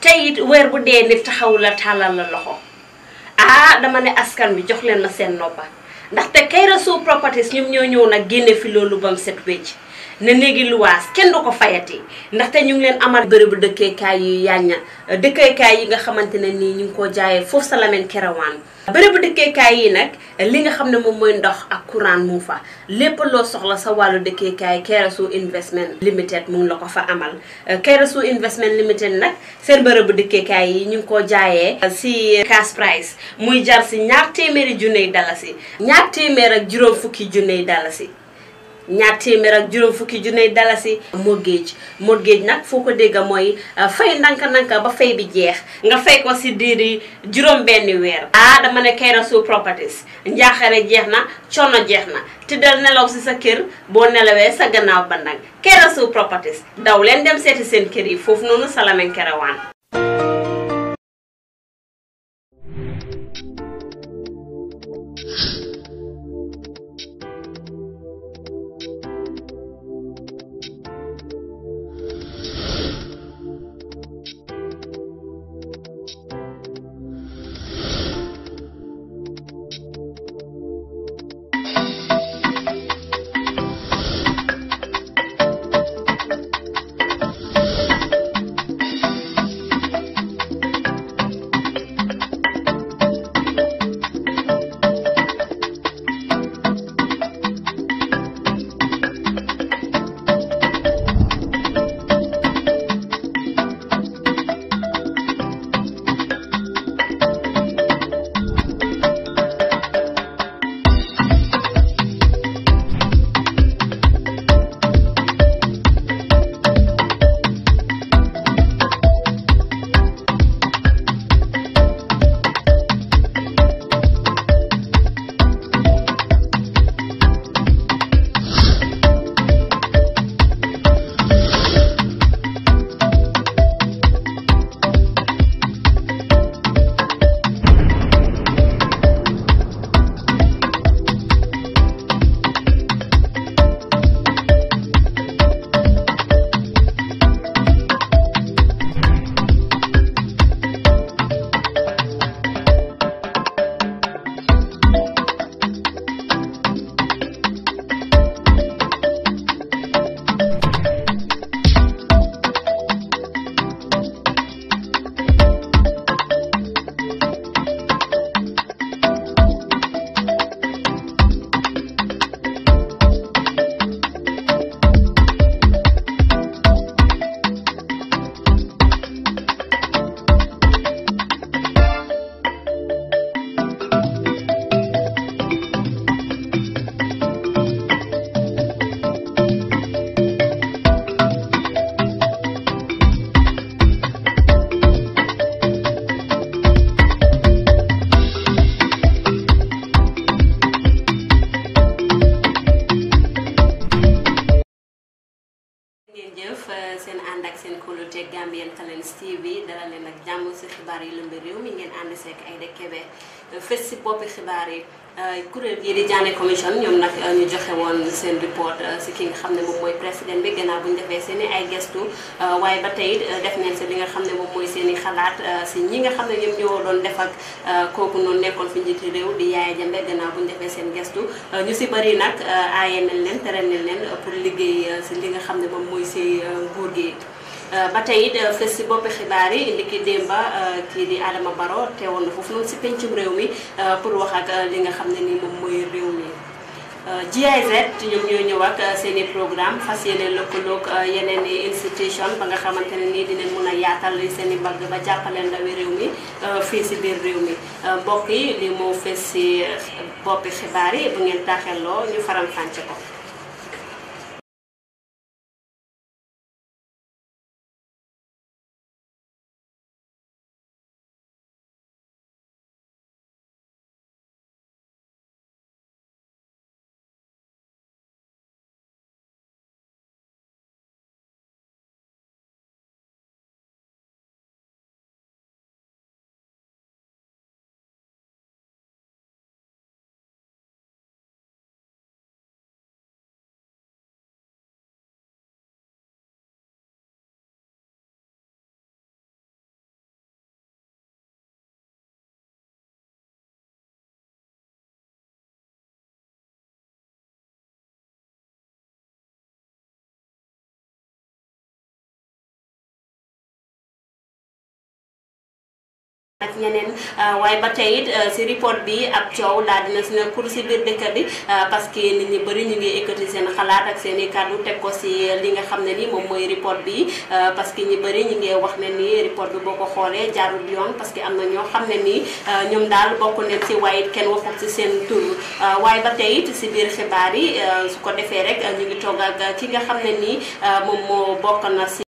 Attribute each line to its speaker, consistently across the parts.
Speaker 1: te it weer bu dee nit taxaw la tàllal la loxo ah
Speaker 2: dama ne askan bi jox leen ma seen noppa ndaxte Kairó Show Properties ñoom ñoo ñëw nag génne fi loolu ba mu set wecc ne néegi luwaas kenn du ko fayati ndaxte ñu ngi leen amal bërëbu dëkkeekaay yu yàñña dëkkeekaay yi nga xamante ne nii ñu ngi ko jaayee foofu sa Lamin Kerewan bu dëkkeekaay yi nag li nga xam ne moom mooy ndox ak courant mu fa lépp loo soxla sa wàllu dëkkeekaay su Investment Limited mu ngi la ko fa amal Keresu Investment Limited nag seen bu dëkkeekaay yi ñu ngi ko jaayee si cash price muy jar si ñaar téeméeri junney dalasi ñaar téeméer ak juróom fukki junney si ñaar téeméer ak juróom fukki junne dalasi mortgage mortgage nag foo ko dégg mooy ah, fay ndànk-ndànk ba fay bi jeex nga fay ko si diiri juróom benni weer ah dama ne Kayrasu Properties njaaxare jeex na coono jeex na tëddal nelaw si sa kër boo nelawee sa gannaaw bandang Kayrasu Properties daw leen dem seeti seen kër yi foofu noonu Salameng Kerewan boppi xibaar yi euh, kuréel gii di Janney commission ñoom nag euh, ñu joxe woon seen report euh, si ki nga xam ne moom mooy président bi gannaaw bu ñu defee seen i ay gestu waaye ba tey si li nga xam ne moom mooy seen i xalaat si ñi nga xam ne ñoom ñoo doon def ak kooku noonu nekkoon fi njiiti réew bi Yaya Jammeh gannaaw bu ñu seen gestu ñu si bëri nag aaye nañ leen tere nañ leen pour liggéey si li nga xam ne moom mooy si nguur gi. ba tey it euh, fës si boppi xibaar yi li ki démba euh, kii di Adama Baro woon na foofu noonu si pencum réew mi euh, pour wax ak li nga xam ne ni moom mooy réew mi. GIZ ñoom ñoo ñëw ak seen programme fas yéene lëkkaloog yeneen i institution ba nga xamante ne nii dinañ mun a yaatal seen i mbagg ba jàppale ndawi réew mi fii si biir réew mi mbokk yi li
Speaker 1: moo fees si boppi xibaar yi bu ngeen taaxelloo ñu faral fànce ko. ak ñeneen euh, waaye ba tey it si euh, report
Speaker 2: bi ab coow laa dina si ne pour si biir dëkk bi euh, parce que nit ñi bëri ñu ngi seen xalaat ak seen i kàddu teg ko si li nga xam ne ni moom mooy report bi parce que ñi bëri ñu ngi wax ne ni report bi boo ko xoolee jaarul yoon parce que am na ñoo xam ne nii ñoom daal bokk nañ si waaye kenn waxul si seen tur waaye ba tey it si biir xibaar yi su ko defee rek ñu ngi toog ak ki nga xam ne nii moom moo bokk na si.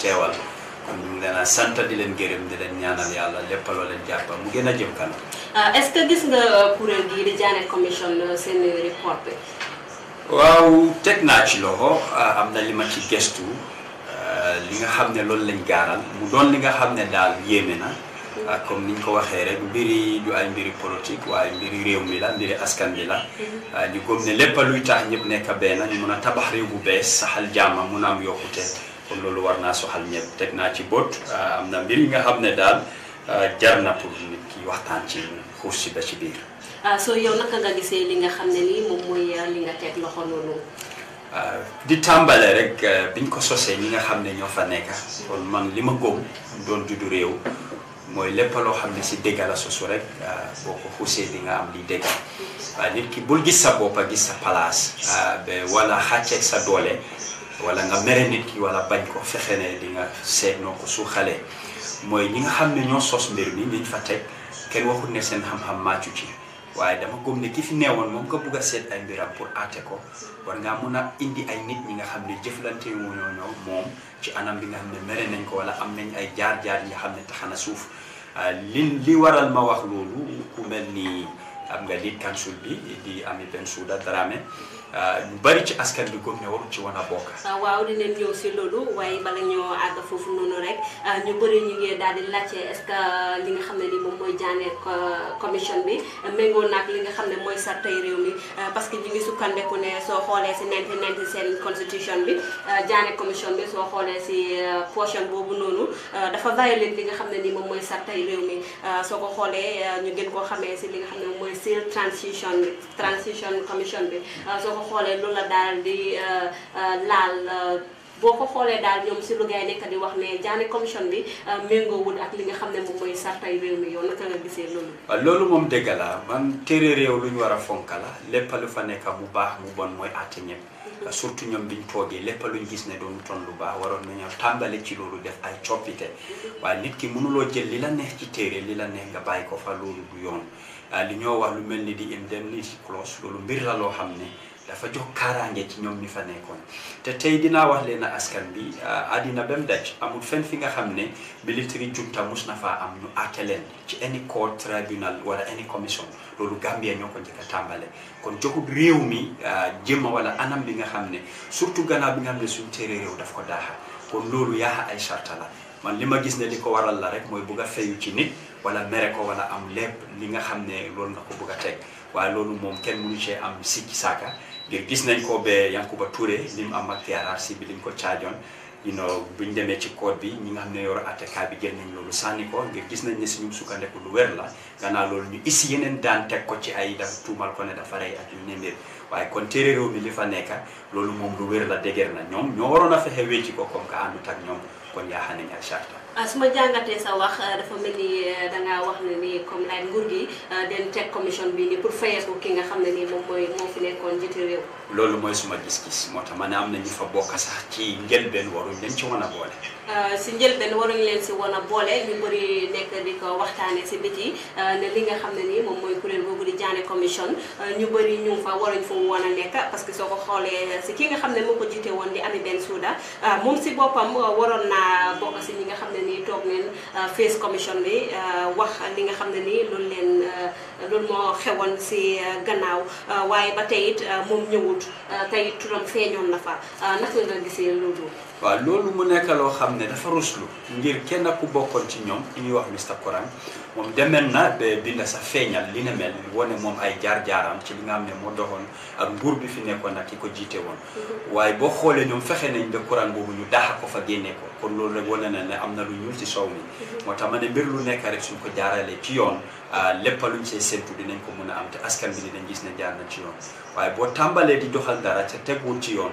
Speaker 1: teewal kon ñu ngi leen a sant di leen gërëm di leen ñaanal yàlla lépp wala leen jàppal mu
Speaker 3: gën a jëm kanam.
Speaker 2: Euh, est ce que gis nga euh, kuréel gi di Janet commission euh, seen report bi.
Speaker 3: waaw teg naa ci loxo am na li ma ci gestu li nga xam ne loolu lañ gaaral mu doon li nga xam ne daal yéeme na. comme niñ ko waxee rek mbiri du ay mbiri politique waaye mbiri réew mi la mbiri askan bi la
Speaker 1: mhm.
Speaker 3: di gëm ne lépp luy tax ñëpp nekk benn ñu mun a tabax réew bu bees saxal jàmm mun am yokkute. loolu war naa soxal ñëpp teg naa ci bóot euh, am na mbir yi nga xam ne daal euh, jar na pour nit ki waxtaan ci xuus si ba ci biir.
Speaker 2: Ah, soo yow naka nga gisee li nga xam ne lii moom mooy euh, li nga teg loxo noonu.
Speaker 3: di tàmbale rek biñ ko sosee ñi nga xam ne ñoo fa nekk kon man li ma góob doon juddu réew mooy lépp loo xam ne si dégg la sosu rek boo ko xuusee di nga am li dégg waaye nit ki bul gis sa bopp gis sa place ba wala xàcceeg sa doole wala nga mere nit ki wala bañ ko fexe ne di nga seet noo ko suuxalee mooy ñi nga xam ne ñoo sos mbir mi ñiñ fa teg kenn waxut ne seen xam-xam màccu ci waaye dama gëm ne ki fi neewoon moom nga bugg seet ay mbiram pour aate ko war ngaa mun a indi ay nit ñi nga xam ne jëflante wu ñoo moom ci anam bi nga xam ne mere nañ ko wala am nañ ay jaar-jaar yi nga xam ne na suuf euh, li li waral ma wax loolu ku mel ni am nga lead council bi di Amie Bensouda Darame ñu bari ci askan bi gëm ne waruñ ci wan bokk.
Speaker 2: Ah, waaw dinañ ñëw si loolu waaye bala ñoo àgg foofu noonu rek ah, ñu bëri ñu ngi daal di laajte est-ce que ah, li nga xam ne nii moom mooy jaaneer commission bi méngoo naag li nga xam ne mooy sartay réew mi parce que ñu ngi ne soo xoolee si ninety ninety seen constitution bi jaaneer commission bi soo xoolee si portion boobu noonu dafa violate li nga xam ne nii moom mooy sartay réew ko xoolee ñu gën koo xamee si li nga xam ne mooy seal transition transition commission bi. ko xoolee lu la euh, euh, euh, boo ko xoolee daal ñoom si lu gars bi méngoowul loolu.
Speaker 3: waaw ah, loolu moom dëgg la man téere réew lu ñu war a fonk la lépp lu fa nekk mu baax mu bon mooy àtte ñëpp. Mm-hmm. Ah, surtout ñoom biñ toogee lépp luñ gis ne doon ton lu baax waroon nañoo tàmbali ci loolu def ay coppite mm-hmm. waaye nit ki mënuloo jël li la neex ci téere li la neex nga bàyyi ko fa loolu du yoon ah, li ñoo wax lu mel ni di indemnity clause loolu mbir la loo xam ne. dafa jox kaaraange ci ñoom ñi fa nekkoon te tey dinaa wax leen askan bi euh, àddina ba mu daj amul fenn fi nga xam ne military junta mus na faa am ñu àtte leen ci any court tribunal wala any commission loolu Gambia ñoo ko njëkk a tàmbale kon joxut réew mi euh, jëmma wala anam bi nga xam ne surtout gannaaw bi nga xam ne suñu téere réew daf ko daaxa kon loolu yaaxa ay charta la man li ma gis ne li ko waral la rek mooy bugg a feyu ci nit wala mere ko wala am lépp li nga xam ne loolu na ko bugg a teg waaye loolu moom kenn mënu cee am sikki saaka gis nañ ko ba Yankuba Touré li mu am ak TRRC bi li ñu ko caajoon you noo bu ñu demee ci koot bi ñi nga xam ne yor attekat bi jël nañ loolu sànni ko ngir gis nañ ne suñu sukkandiku lu wér la gannaaw loolu ñu is yeneen daan teg ko ci ay daf tuumal ko ne dafa rey ak yu ne mbir waaye kon téere réew mi li fa nekk loolu moom lu wér la dëgër na ñoom ñoo waroon a fexe wécci ko comme que àndut ak ñoom kon yaa xam ne ak charta
Speaker 2: Ah, su ma jàngatee sa wax ah, dafa mel ni ah, dangaa wax ne nii comme laaj nguur gi den teg commission bi ni pour fayeeku ki nga xam ne nii moom mooy moo fi nekkoon njiitu réew.
Speaker 3: loolu mooy suma gis-gis moo tax ma ne am na ñu fa bokk sax ci njëlbeen waruñ leen ci mën a boole.
Speaker 2: Euh, si njëlbeen waruñu leen si woon a boole ñu bëri nekk di ko waxtaane si biti euh, ne li nga xam ne nii moom mooy kuréel googu di Diané commission euh, ñu bëri ñu fa waruñ fa woon a nekk parce que soo ko xoolee si ki nga xam ne moo ko jiite woon di Amie Bensouda moom si boppam waroon naa bokk si ñi nga xam ne nii toog neen face commission bi wax li nga xam ne nii loolu leen loolu moo xewoon si gannaaw waaye ba tey it moom ñëwut tey turam feeñoon na fa naka
Speaker 3: waaw loolu mu nekk loo xam ne dafa lu ngir kenn ku bokkoon ci ñoom ki ñuy wax Mr Koran moom demel na ba binda sa feeñal li ne mel wane moom ay jaar jaaraam ci li nga xam ne moo doxoon ak nguur bi fi nekkoon ak ki ko jiite woon mhm. waaye boo xoolee ñoom fexe nañ de Koran boobu ñu daaxa ko fa génne ko kon loolu rek wane na ne am na lu ñuul ci soow mi mhm. moo tax ma ne mbir lu nekk rek suñ ko jaaralee ci yoon ah, léppaluñ luñ see séntu dinañ ko mun a am te askan bi dinañ gis ne jaar na ci yoon waaye boo tàmbalee di doxal dara ca teguwul ci yoon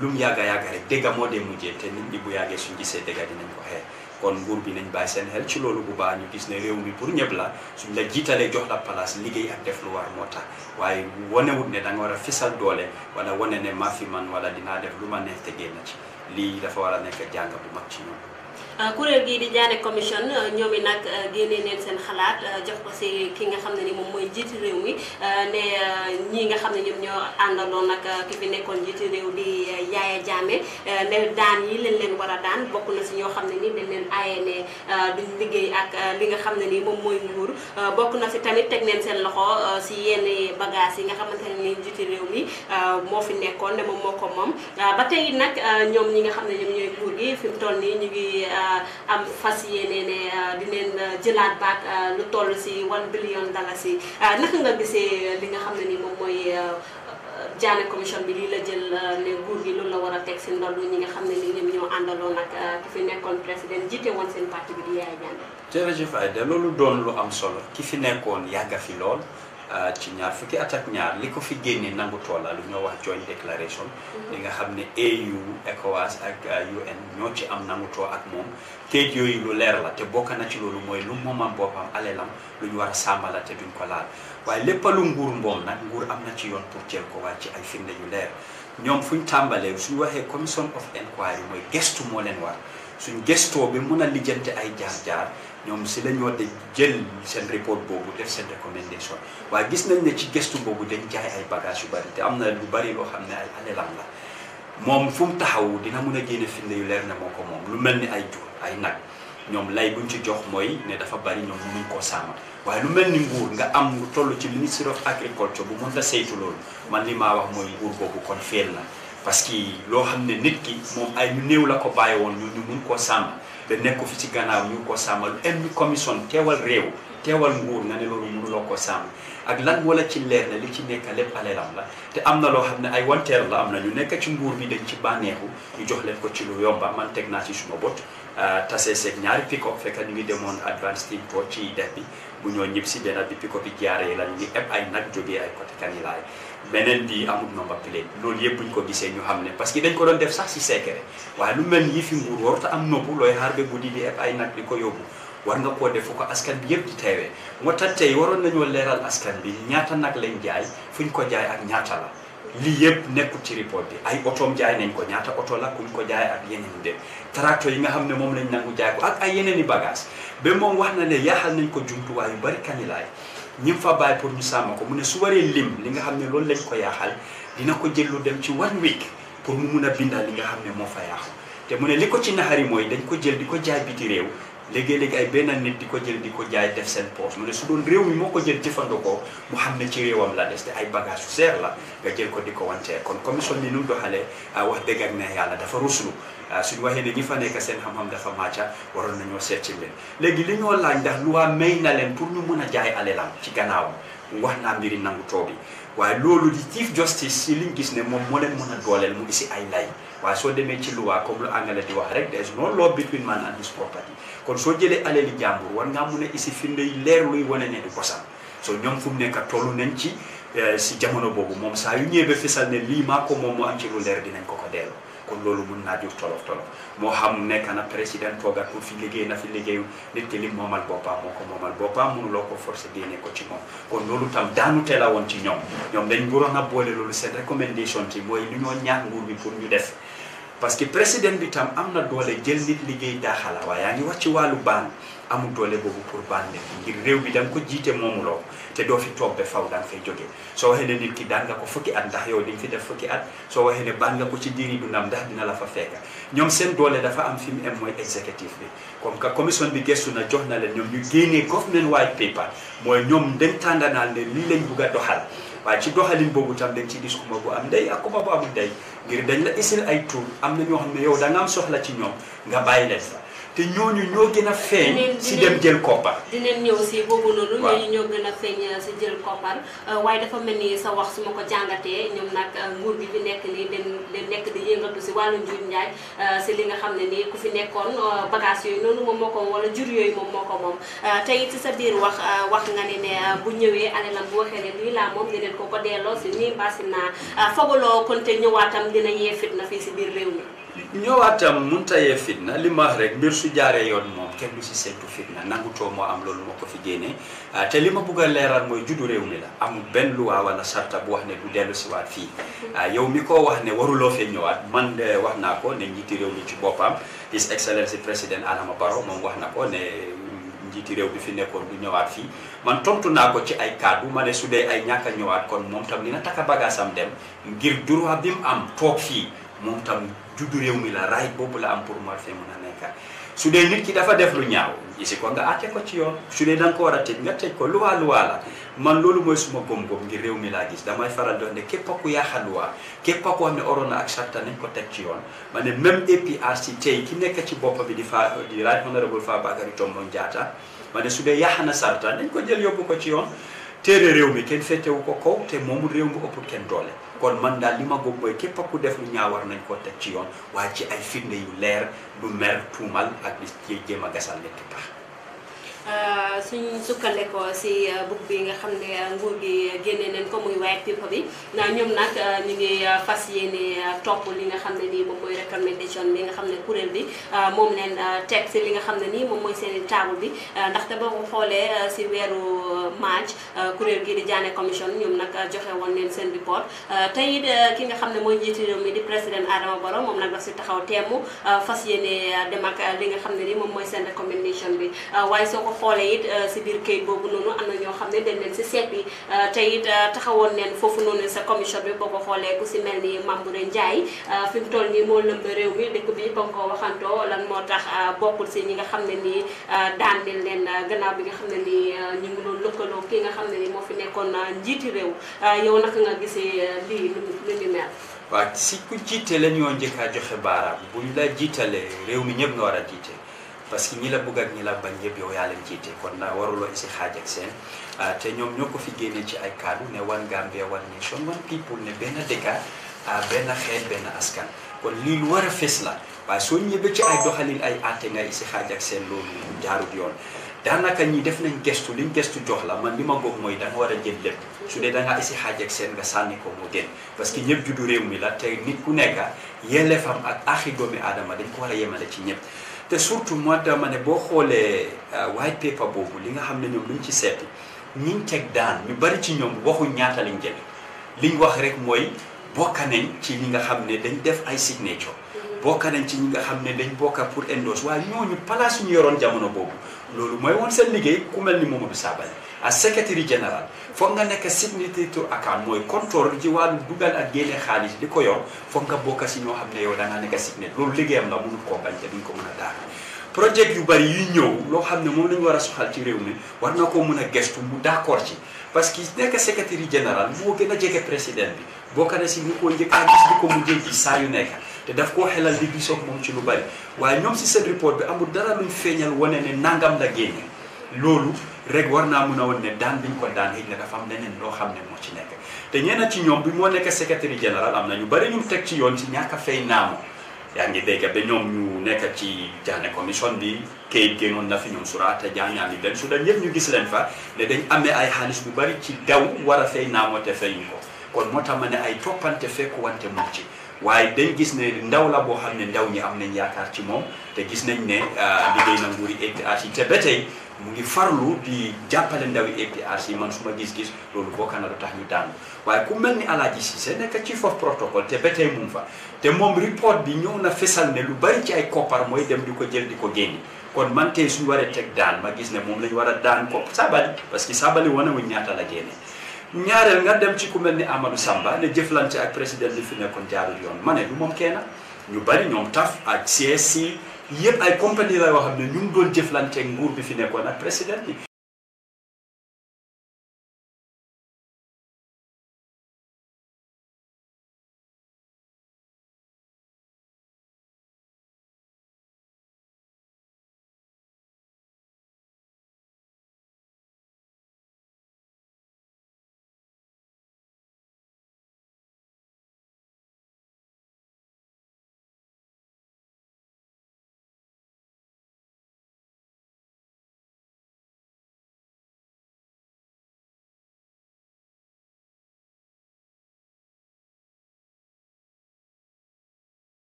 Speaker 3: lum yàgga yàgga rek dégg moo dee mujjee te nit ñi bu yàggee suñ gisee dégg dinañ ko xee kon nguur bi nañ bàyyi seen xel ci loolu bu baax ñu gis ne réew mi pour ñëpp la suñ la jiitalee jox la place liggéey ak def lu war moo tax waaye wanewut ne da nga war a fisal doole wala wane ne maa fi man wala dinaa def lu man ne te génn ci lii dafa war a nekk jàng bu mag
Speaker 2: ci ñoom Euh, kuréel gii di Diané commission euh, ñoom it nag euh, génnee neen seen xalaat jox ko si ki nga xam ne ni moom mooy jiitu réew mi ne ñii nga xam ne ñoom ñoo àndandoo nag ki fi nekkoon jiitu réew di Yaya Jammeh ne daan yi leen leen war a daan bokk na si ñoo xam ne ni leen aaye ne duñ liggéey ak li nga xam ne ni moom mooy nguur bokk na si tamit teg seen loxo si yenn bagages yi nga xamante ne ni jiitu réew mi moo fi nekkoon ne moom moom ba ñi nga xam ne ñoom ñooy nguur gi fi toll nii ñu ngi Euh, am fas yéene ne euh, dinañ euh, jëlaat baat lu toll si one billion dalasi naka nga gisee li nga xam ne ni moom mooy jaane commission bi lii la jël ne nguur gi loolu la war a teg si ndollu ñi nga xam ne ni ñoom ñoo àndaloon nag ki fi nekkoon président jiite woon seen parti bi di Yaya Jammeh.
Speaker 3: jërëjëf Aïda loolu doon lu am solo ki fi nekkoon yàgga fi lool. Euh, ci ñaar fukki at ñaar li ko fi génnee nangu toola lu ñoo wax joint declaration mhm. li nga xam ne AU ECOWAS ak UN euh, ñoo ci am nangu too ak moom këyit yooyu lu leer la te bokk na ci loolu mooy lu moom moomam boppam alelam lu ñu war a sàmmala te duñ ko laal waaye lépp lu nguur mboom nag nguur am na ci yoon pour jël ko waaye ci ay firnde yu leer ñoom fuñ tàmbalee suñ waxee commission of inquiry mooy gestu moo leen war suñ gestoo bi mun a lijjante ay jaar-jaar ñoom si la ñu war jël seen report boobu def seen recommendation waaye gis nañ ne ci gëstu boobu dañ jaay ay bagages yu bari te am na lu bari loo xam ne ay alelam la moom fu mu taxaw dina mun a génne finde yu leer ne moo ko moom lu mel ni ay jur ay nag ñoom lay buñ ci jox mooy ne dafa bari ñoom munuñ koo sàmm waaye lu mel ni nguur nga am lu toll ci ministry of agriculture bu mën ta saytu loolu man li maa wax mooy nguur boobu kon feel na parce que loo xam ne nit ki moom ay néew la ko bàyyi woon ñu ñu koo sàmm te nekku fi ci gannaaw ñu ko sàmmal indi commission teewal réew teewal nguur nga ne loolu munuloo ko sàmm ak lan wala ci leer ne li ci nekk lépp alelam la te am na loo xam ne ay wanteer la am na ñu nekk ci nguur bi dañ ci bànneexu ñu jox leen ko ci lu yomba man teg naa ci suma boot euh, tase seeg ñaari pick-up fekk ñu ngi demoon advance team port ci def bi bu ñoo ñib si benn bi pick-up bi jaaree la ñu ngi eb ay nag jógee ay côté Kanilaay beneen bi amul number plate loolu yëpp buñ ko gisee ñu xam ne parce que dañ ko doon def sax si secret waaye lu mel nii fi nguur warut a am nopp looy xaar ba guddi di eb ay nag di ko yóbbu war nga koo def fu ko askan bi yëpp di teewee moo tax tey waroon nañoo leeral askan bi ñaata nag lañ jaay fuñ ko jaay ak ñaata lii yëpp nekkul ci report bi ay otoom jaay nañ ko ñaata oto la kuñ ko jaay ak yeneen de tracteur yi nga xam ne moom lañ nangu jaay ko ak ay yeneen i bagage ba moom wax na ne yaaxal nañ ko jumtuwaay yu bari kanilaay ñi mu fa bàyyi pour ñu sàmm ko mu ne su waree lim li nga xam ne loolu lañ ko yaaxal dina ko jël lu dem ci one week pour mu mun a bindal li nga xam ne moo fa yaaxu te mu ne li ko ci naxari mooy dañ ko jël di ko jaay biti réew léegi-léegi ay nit di ko jël di ko jaay def seen poos mu ne su doon réew mi moo ko jël jëfandikoo mu xam ne ci réewam la des te ay bagage su seer la nga jël ko di ko wanteer kon commission bi nu mu doxalee ah, wax dëgg ak ne yàlla dafa ruslu Ah, suñu waxee ne ñi fa nekk seen xam-xam dafa màcca waroon nañoo seet ci mbir léegi li ñoo laaj ndax lu waa may na leen pour ñu mun a jaay la ci gannaawam wax naa mbiri nangu too bi waaye loolu di chief justice si liñ gis ne moom moo leen mën a dooleel mu isi ay lay waaye soo demee ci luwaa comme lu angale di wax rek there is man and his property kon soo jëlee alali jàmbur war ngaa mun a isi firnde yi leer luy wane ne du kosam so ñoom fu mu nekk tollu nañ ci eh, si jamono boobu moom saa yu ñëwee ba fisal moom am ci lu dinañ ko ko delloo kon loolu mun naa jur tolof tolof moo xam nekk na président toogaat pour fi liggéey na fi liggéeyu nit ki li moomal boppam moo ko moomal boppam mënuloo ko force génne ko ci moom kon loolu tam daanu teel a woon ci ñoom ñoom dañ buroon a boole loolu seen recommandation ci mooy lu ñoo ñaax nguur bi pour ñu def parce que président bi tam am na doole jël nit liggéey daaxala waaye yaa ngi wax ci wàllu baan amul doole boobu pour baan nekk ngir réew bi da nga ko jiite moomuloo te doo fi toobe faw da nga fay jógee soo waxee ne nit ki daan ko fukki at ndax yow di nga fi def fukki at soo waxee ne baan nga ko ci diiri dundam ndax dina la fa fekka ñoom seen doole dafa am fi mu em mooy exécutif bi comme que commission bi gëstu na jox na leen ñoom ñu génnee government wide paper mooy ñoom dañ tàndanaal ne lii lañ bugg a doxal waaye ci doxalin boobu tam dañ ci gis kuma bu am ndey ak kuma bu amul ndey ngir dañ la isil ay tur am na ñoo xam ne yow da nga am soxla ci ñoom nga bàyyi leen fa te ñooñu ñoo gën a feeñ. si dem jël koppar.
Speaker 2: dinañ ñëw si boobu noonu. ñooñu ñoo gën a feeñ uh, si jël koppar. Uh, waaye dafa mel ni sa wax su ma ko jàngatee ñoom nag uh, nguur gi fi nekk nii den den nekk di yëngatu si wàllu njur njaay si li nga xam ne ni ku fi nekkoon bagage yooyu noonu moom moo ko wala jur yooyu moom moo ko moom. tey si sa biir wax wax nga ne ne bu ñëwee année la bu waxee ne lii laa moom dinañ ko ko delloo si nii mbaa si naa fogaloo kon te ñëwaatam dina yee fitna fii si biir réew mi.
Speaker 3: ñëwaatam mun tayee fitna li ma wax rek mbir su jaaree yoon moom kenn du si seetu fitna nangutoo moo am loolu moo ko fi génnee ah, te li ma bëgg a leeral mooy juddu réew mi la am benn luwaa wala sarta bu wax ne du dellu siwaat fii ah, yow mi ko wax ne waruloo fee ñëwaat man wax naa ko ne njiiti réew mi ci boppam his excellence président Adama Barrow moom wax na ko ne mm, njiiti réew bi fi nekkoon du ñëwaat fii man tontu naa ko ci ay kàddu ma ne su dee ay ñàkk a ñëwaat kon moom tam dina takk bagaasam dem ngir droit bi mu am toog fii moom tam juddu réew mi la raay boobu la am pour morphée mun a nekka su dee nit ki dafa def lu ñaaw gisi ko nga àtte ko ci yoon su dee da ko war a tëj nga tëj ko luwaa luwaa la man loolu mooy suma gom-gom ngir réew mi laa gis damay faral doon ne képp ku yaaxa luwaa képp ku xam ne oroon na ak sarta nañ ko teg ci yoon ma ne même APRC tey ki nekk ci bopp bi di fa di na right honorable Fabakary Tombong Jatta ma ne su dee yaax na sarta nañ ko jël yóbbu ko ci yoon téere réew mi kenn fettewu ko kaw te moomul réew mi ëpp kenn doole kon man daal li ma góob mooy képp ku def lu ñaaw war nañ koo teg ci yoon waaye ci ay firnde yu leer du mer tuumal ak di jéem a gasal nekk tax
Speaker 2: Euh, suñ sukkandekoo si euh, book bi nga xam ne euh, nguur gi génne nañ ko muy white paper bi na ñoom nag ñu ngi fas yéene topp li nga xam ne nii moom mooy recommendation bi nga xam ne kuréel bi moom leen teg si li nga xam ne nii moom mooy seen i table bi ndaxte boo ko xoolee si weeru mars kuréel gi di Jaane commission ñoom nag joxe woon leen seen report tey ki nga xam ne mooy njiiti réew mi di président Adama Barrow moom nag daf si taxaw teemu fas yéene dem ak li nga xam ne nii moom mooy seen recommendation bi waaye soo ko xoolee it euh, si biir kayit boobu noonu am na ñoo xam ne dañ leen si seet bi euh, te it euh, taxawoon neen foofu noonu sa commission bi boo ko xoolee ku si mel ni Mamboure Ndiaye fi mu toll nii moo lëmb réew mi dëkk bi ba nga ko waxantoo lan moo tax bokkul si ñi nga xam ne nii daan nañ leen gannaaw bi nga xam ne nii ñu ngi doon lëkkaloo kii nga xam ne nii moo fi nekkoon njiiti réew yow naka nga gisee lii lu lu ñu mel.
Speaker 3: waaw si ku jiite la ñoo njëkk a joxe baaraam bu ñu la jiitalee réew mi ñëpp nga war a jiite. parce que ñi la bëgg ak ñi la bañ yëpp yow yaa leen jiite kon na waruloo si xaaj seen ah, te ñoom ñoo ko fi génne ci ay kaddu ne one Gambia one nation one people ne benn dëkka ah, benn xeet benn askan kon lii lu war a fes la waaye soo ñëwee ci ay doxalin ay àtte ngay si xaaj ak seen loolu jaarut yoon daanaka ñi def nañ gestu liñ gestu jox la man li ma gox mooy danga war a jël lépp su dee dangaa isi xaaj ak seen nga sànni ko mu génn parce que ñëpp juddu réew mi la te nit ku nekka yelleefam ak axi doomi dañ ko war a yemale ci ñëpp te surtout moo tax ma ne boo xoolee uh, white paper boobu li nga xam ne ñoom luñ ci seeti ñiñ teg daan ñu bari ci ñoom waxuñ ñaata lañ jël liñ wax rek mooy bokk nañ ci li nga xam ne dañ def ay signature bokka nañ ci ñi nga xam ne dañ bokka pour endorse waaye ñooñu place ñu yoroon jamono boobu loolu mooy woon seen liggéey ku mel ni Momodou Sabally a secrétaire nga nekk signité to account mooy contrôle ci wàllu dugal ak génne xaalis di ko yor foog nga bokka si ñoo xam ne yow da nga nekk signé loolu liggéeyam la koo bañ te duñ ko mën a daal yuy ñëw loo xam ne moom lañu war a soxal ci réew mi war na koo mën a gestu mu d'accord ci parce que nekk secrétaire général moo gën a jege président bi bokka na si ñu ko njëkk a gis di ko mujjee gis saa yu nekk te daf koo xelal di gisoog moom ci lu bari waaye ñoom si seen report bi amul dara luñ feeñal wane ne nangam la génne loolu rek war naa mun a wan ne daan biñ ko daan xëy am leneen loo xam ne moo ci nekk te ñeena ci ñoom bi moo nekk secrétaire général am na ñu bari ñu teg ci yoon ci ñàkk fay naamu yaa ngi dégg ba ñu nekk ci jaane commission bi kayit génnoon na fi ñoom suraata jaañaami leen su dañ yëpp ñu gis leen fa ne dañ amee ay xaalis bu bari ci daw war a fay naamoo te fayuñ ko kon moo tax ma ne ay toppante fekk wante mu ci waaye dañ gis ne ndaw la boo xam ne ndaw ñi am nañ yaakaar ci moom te gis nañ ne euh, liggéey na nguuri APRC te ba tey mu ngi farlu di jàppale ndawi APRC man suma gis-gis loolu bokk na lu tax ñu daan waaye ku mel ni Alaaji Cissé nekk chief of protocol te ba tey mu fa te moom report bi ñëw na fesal ne lu bari ci ay koppar mooy dem di ko jël di ko génne kon man tey suñu waree teg daan ma gis ne moom lañ war a daan ko sabali parce que sabali wane wuñ ñaata la génne ñaareel nga dem ci ku ni Amadou Samba ne jëflante ak président bi fi nekkoon jaarul yoon ma ne du moom kenn ñu bari ñoom taf ak CSC yëpp ay
Speaker 1: compagnie la yoo xam ne ñu ngi doon nguur bi fi nekkoon ak président bi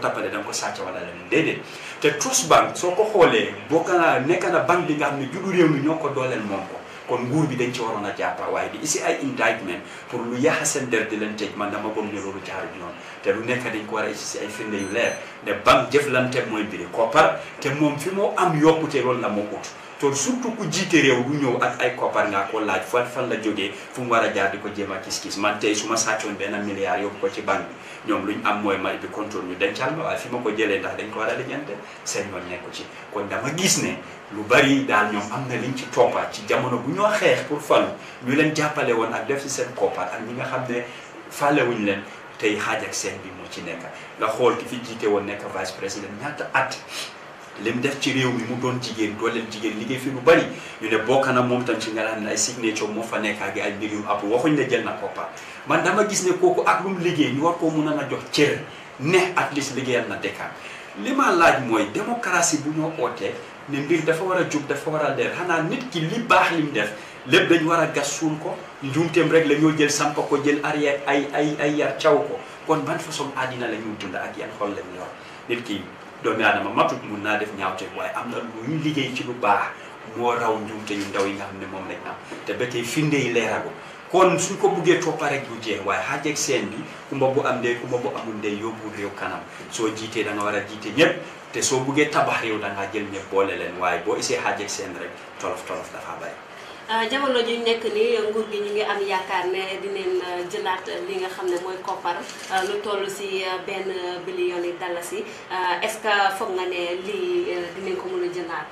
Speaker 1: tappale da nga ko sàcc wala leneen déedéet te trust bank soo ko xoolee bokk na
Speaker 3: nekk na banque bi nga xam ne juddu réew mi ñoo ko dooleel moom ko kon nguur bi dañ ci waroon a jàppa waaye di isi ay indictment pour lu yaxa seen der di leen tëj man dama gëm ne loolu jaarul yoon te lu nekk dañ ko war a isi si ay firnde yu leer ne banque jëflante mooy mbiri koppar te moom fi moo am yokkute loolu la moo ut toon surtout ku jiite réew du ñëw ak ay koppar ngaa ko laaj fan fan la jógee fu mu war a jaar di ko jéem a kis-kis man tey su sàccoon benn milliard yóbbu ko ci ban bi ñoom lu ñu am mooy may bi contrôle ñu dencal ma waaye fi ma ko jëlee ndax dañ ko war a lijjante seen yoon nekku ci kon dama gis ne lu bari daal ñoom am na liñ ci toppaat ci jamono bu ñoo xeex pour falu ñu leen jàppale woon ak def si seen koppar ak ñi nga xam ne fàllewuñ leen tey xaaj ak seen bi moo ci nekk nga xool ki fi jiite woon nekk vice président ñaata li mu def ci réew mi mu doon jigéen dooleel jigéen liggéey fi lu bari ñu ne bokk na moom tam ci nga xam ne ay signature moo fa nekk ak ay mbir yu àpp waxuñ ne jël na koppar man dama gis ne kooku ak lu mu liggéey ñu war koo mun a na jox cër ne at least liggéeyal na dëkkaam li ma laaj mooy démocratie bu ñoo ootee ne mbir dafa war a jub dafa war a leer xanaa nit ki li baax li def lépp dañu war a gas suul ko njuumteem rek la ñoo jël sampa ko jël arrière ay ay ay yar caw ko kon ban façon àddina la ñu dund ak yan xol lañ yor nit ki doomi aadama matut mun naa def ñaaw te waaye am na lu ñu liggéey ci lu baax moo raw njuumte yu ndaw yi nga xam ne moom lañ am te ba tey firnde yi leeragu kon su ko buggee toppa rek du jeex waaye xaajeeg seen bi kumba bu am ndey kumba bu amul ndey yóbbu réew kanam soo jiitee da nga war a jiite ñëpp te soo buggee tabax réew da ngaa jël ñëpp boole leen waaye boo essayé xaajeeg seen rek tolof tolof dafa bari
Speaker 2: Euh, jamono ji nekk nii nguur gi ñu ngi am yaakaar ne dinañ euh, jëlaat li nga xam ne mooy koppar euh, lu toll si benn billion yi dalasi est-ce que foog nga ne lii dinañ ko mën a jëlaat.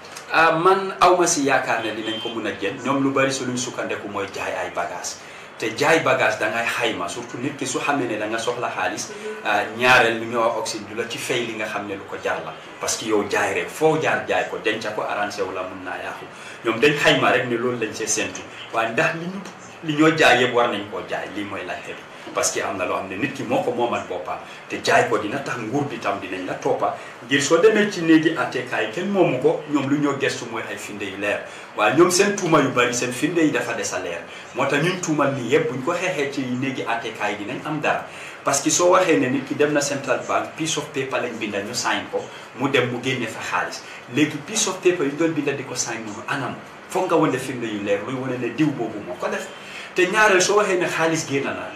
Speaker 3: man awma si yaakaar ne dinañ ko mën a jën ñoom lu bari su luñ sukkandeku mooy jaay ay bagages. te jaay bagage da ngay xayma surtout nit ki su xamee ne da nga soxla xaalis ah, ñaareel lu ñuy wax oxyde du la ci fay li nga xam ne lu ko jar parce que yow jaay foo jaar jaay ko denca ko arrangé wu la mun naa yàqu ñoom dañ xayma rek ne loolu lañ see séntu waaye ndax li ñu li ñoo jaay yëpp war koo jaay lii mooy laajte bi parce que am na loo xam ne nit ki moo ko moom moomal boppa te jaay ko dina tax nguur bi tam dinañ la toppa ngir soo demee ci néegi attekaay kenn moomu ko ñoom lu ñoo gestu mooy ay finde yu leer waaye ñoom seen tuuma yu bari seen firnde yi dafa des a leer moo tax ñun tuumal nii yëpp buñ ko xeexee ci néegi àttekaay dinañ am dara parce que soo waxee ne nit ki dem na central bank piece of paper lañ binda ñu sign ko mu dem mu génne fa xaalis léegi piece of paper yu doon binda di ko sign mu anam foog nga wane firnde yu leer luy wane ne diw boobu moo ko def te ñaareel soo waxee ne xaalis génn na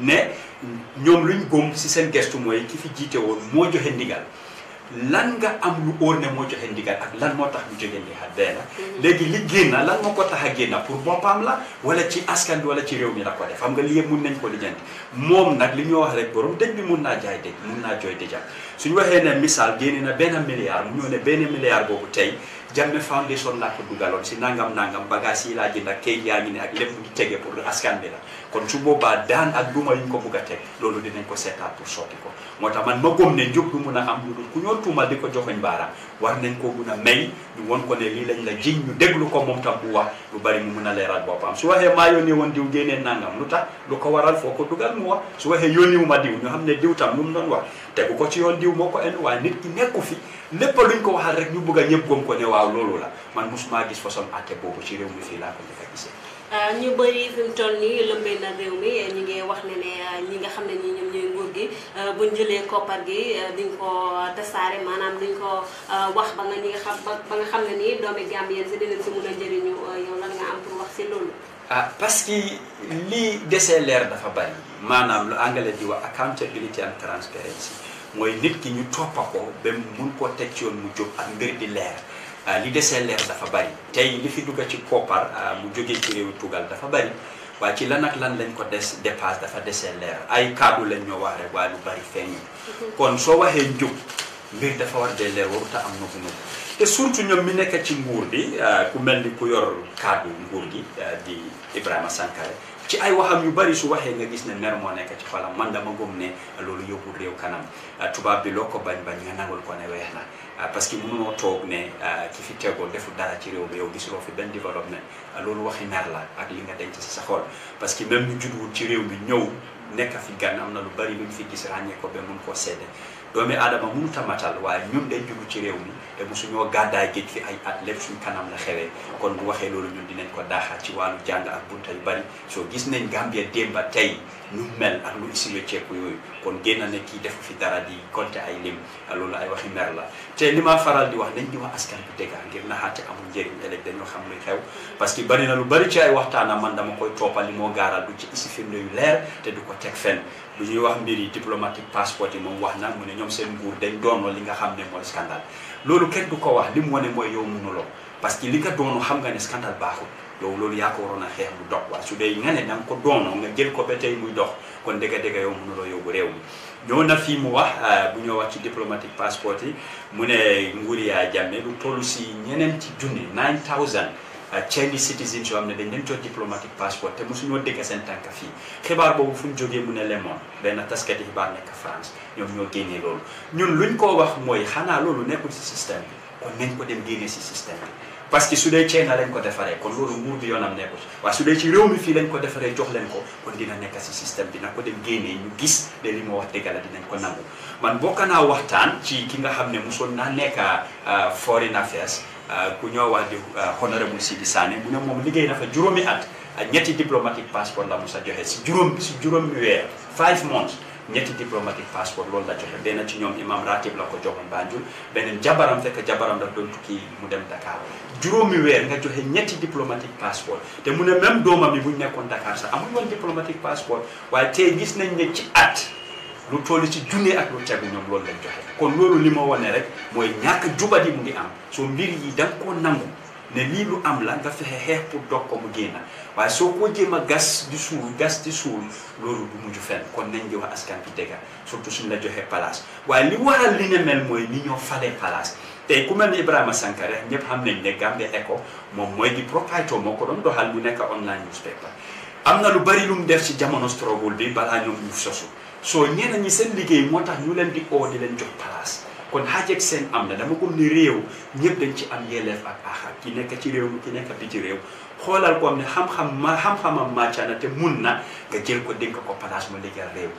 Speaker 3: ne ñoom luñ góom si seen gestu mooy ki fi jiite woon moo joxe ndigal lan nga am lu óor ne moo joxe ndigal ak lan moo tax ñu joxe ndigal dee la léegi li génn lan moo ko tax a génna pour boppam la wala ci askan bi wala ci réew mi la ko def xam nga li yëpp mun nañ ko lijjanti moom nag li ñu wax rek boroom dëj bi mun naa jaay dëj mun naa jooy dëjam suñu waxee ne misaal génne na benn milliard mu ñëw ne benn milliard boobu tey Jammeh Foundation laa ko dugaloon si nangam nangam bagage yi laa jënd ak kayit yaa ngi ne ak lépp ngi tege pour askan bi la kon su boobaa daan ak duma yuñ ko bugg a teg loolu dinañ ko seetaat pour sotti ko moo tax man ma gëm ne njub du mun a am lu dul ku ñoo tuumal di ko joxoñ baaraam war nañ ko mun a may ñu won ko ne lii lañ la jig ñu déglu ko moom tam bu wax lu bari mu mun a leeral boppam su waxee maa yónnee woon diw génnee nangam lu tax lu ko waral foo ko dugal mu wax su waxee yónniwu ma diw ñu xam ne diw tam lu mu wax tegu ko ci yoon diw moo ko indi waaye nit nekku fi lépp luñ ko waxal rek ñu bëgg ñëpp gëm ko ne waaw loolu la man mosuma gis façon atte boobu ci réew mi fii laa a gisee
Speaker 2: Euh, ñu bëri fi toll nii lëmbee na réew mi ñu ngi wax ne ne euh, ñi nga xam ne ñi ñoom ñooy gi euh, buñ jëlee koppar gi duñ ko tasaare maanaam duñ ko wax ba nga ñi xam ba nga xam ne nii doomi Gambien si dinañ si mun a jëriñu yow lan nga am pour wax si loolu.
Speaker 3: ah parce que lii desee leer dafa bari maanaam lu anglais di wax accountability and transparency mooy nit ki ñu toppa ko ba mun koo teg ci yoon mu jóg ak mbir di leer. Euh, li desee leer dafa bari tey li fi dugg ci koppar euh, mu jóge ci réewu tugal dafa bari waaye ci lan nag lan lañ ko des dépasse dafa desee leer ay kaddu lañ ñoo wax rek waaye lu bari feeñu kon soo waxee njub mbir dafa war dee leer waruta am nubu nubu te surtout ñoom mi nekk ci nguur bi euh, ku mel ni ku yor kaddu nguur gi di Ibrahima Sankare ci ay waxam yu bari su waxee nga gis ne mer moo nekk ci xolam man dama gëm ne loolu yóbbul réew kanam tubaab bi loo ko bañ bañ nga nangul ko Euh, parce que mu mënuloo toog ne euh, ki fi tegul deful dara ci réew mi yow gisuloo fi benn développement loolu waxi mer la ak li nga denc si sa xol parce que même ñu judduwul ci réew mi ñëw nekk fi gan am na lu bari ñu fi gis ràññee ko ba mun koo seede doomi aadama mënut a matal waaye dañ juddu ci réew mi te mosuñoo gàddaay géej fi ay at lépp suñ kanam la xewee kon bu waxee loolu ñu dinañ ko daaxaat ci wàllu jàng ak bunta yu bari soo gis nañ démb a tey nu mel ak lu isile ceeku yooyu kon génna ne kii defu fi dara di compter ay lim loolu ay waxi mer la te li ma faral di wax dañ di wax askan bi dégg ngir naxaate amul njëriñ ëllëg dañoo xam luy xew parce que bari na lu bari ci ay waxtaana man dama koy toppal li moo gaaral du ci isi firnde leer te du ko teg fenn bu ñuy wax mbir yi diplomatique passeport yi moom wax na mu ne ñoom seen nguur dañ doonoo li nga xam ne mooy scandale loolu kenn du ko wax li mu wane mooy yow mënuloo parce que li nga doonu xam nga ne scandale baaxul yow loolu yaa ko waroon a xeex bu dox waaye su dee nga ne da ko doonoo nga jël ko ba tey muy dox kon dëgg-dëgg yow mënuloo yóbbu réew mi ñëw na fii mu wax euh, bu ñoo wax ci diplomatique passeport yi mu ne nguuri yaa jàmme lu toll si ñeneen ci junni 9000 euh, Chinese citizens yoo xam ne dañ leen jot diplomatique passeport te mosuñoo dégg seen tànk fii xibaar boobu fu ñu jógee mu ne Le Monde benn taskati xibaar nekk France ñoom ñoo génnee loolu ñun luñ koo wax mooy xanaa loolu nekkul si système bi kon nañ ko dem génnee si système bi parce que su dee China lañ ko defaree kon loolu muur bi yoonam nekku ci waaye su dee ci réew mi fii lañ ko defaree jox leen ko kon dina nekk si système bi na ko dem génnee ñu gis ne li ma wax dëgg la dinañ ko nangu man bokk naa waxtaan ci ki nga xam ne mosoon naa nekk ah, ah, foreign affairs ah, ku ñoo wax di honorable Sidi Sané mu ne moom liggéey na fa juróomi at ñetti diplomatique passeport la mu sa joxe si juróom si juróomi weer five months ñetti diplomatique passeport loolu la joxe benn ci ñoom imam ratib la ko joxoon Banjul beneen jabaram fekk jabaram daf doon tukki mu dem Dakar juróomi weer nga joxe ñetti diplomatique passeport te mu ne même doomam yi bu ñu nekkoon Dakar sax amuñu woon diplomatique passeport waaye tey gis nañ ne ci at lu toll ci junne ak lu tegu ñoom loolu lañ joxe. kon loolu li ma wane rek mooy ñàkk jubadi mu ngi am soo mbir yi da koo nangu ne lii lu am la nga fexe dog ko mu génn waaye soo ko jéem gas di suul gas di suul loolu mujj fenn kon nañ di wax askan bi dëgga surtout suñ la joxe palaas waaye li waral li ne mel mooy ni ñoo falee palaas. tey ku mel ni Ibrahima Sankare ñëpp xam nañ ne Gambia Echo moom mooy di proprietor moo ko doon doxal mu nekk online newspaper am na lu bari lu mu def ci jamono struggle bi balaa ñoom ñu sosu soo ñeneen ñi seen liggéey moo tax ñu leen di oo di leen jox place kon xaajeg seen am na dama ko ni réew ñëpp dañ ci am yelleef ak axaar ki nekk ci réew mi ki nekk bi ci réew xoolal ko am ne xam-xam ma xam-xamam màcca na te mun na nga jël ko dénk ko palaas ma liggéeyal réew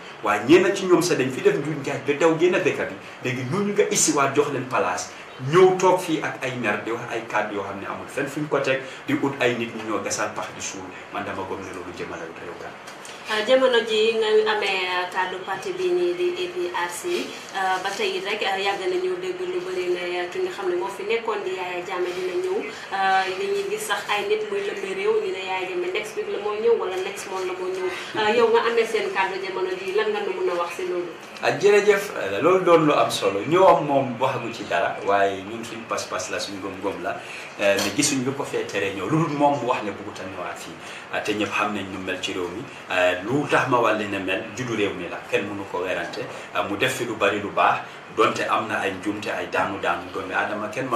Speaker 3: ñenn ci ñoom sa dañ fi def njuñ njaaj ba daw génn dëkk bi léegi ñooñu nga jox leen palaas ñëw toog fii ak ay mer di wax ay kàddu yoo xam ne amul fenn fi ñu ko teg di ut ay nit ñu ñoo gasal pax di suul man dama gëm ne loolu jëmale réew kan
Speaker 2: ah, ji nga amee ah, kàddu parti bi nii di APRC ah, ba tey it rek yàgg nañu dégg lu bëri ne ki nga xam ne moo nekkoon di Yaya Jammeh dina ñëw dañuy gis sax ay nit muy lëmbee réew ñu ne Yaya Jammeh next week la moo ñëw wala next month la moo ñëw yow nga amee seen kàddu jamono ji lan nga nu mun a wax si loolu
Speaker 3: ak jërëjëf euh, loolu doon lu am solo ñoom moom waxagu ci dara waaye ñun suñ pas-pas la suñ gom-gom la ne euh, gisuñ lu ko fee tere ñëw lu dul moom mu wax ne bëggut a ñëwaat fii euh, te ñëpp xam nañ ñu mel ci réew mi lu tax ma wàlli ne mel juddu réew mi la kenn mënu ko werante mu def fi lu bari lu baax
Speaker 1: donte am na ay njuumte ay daanu daanu doomi aadama kenn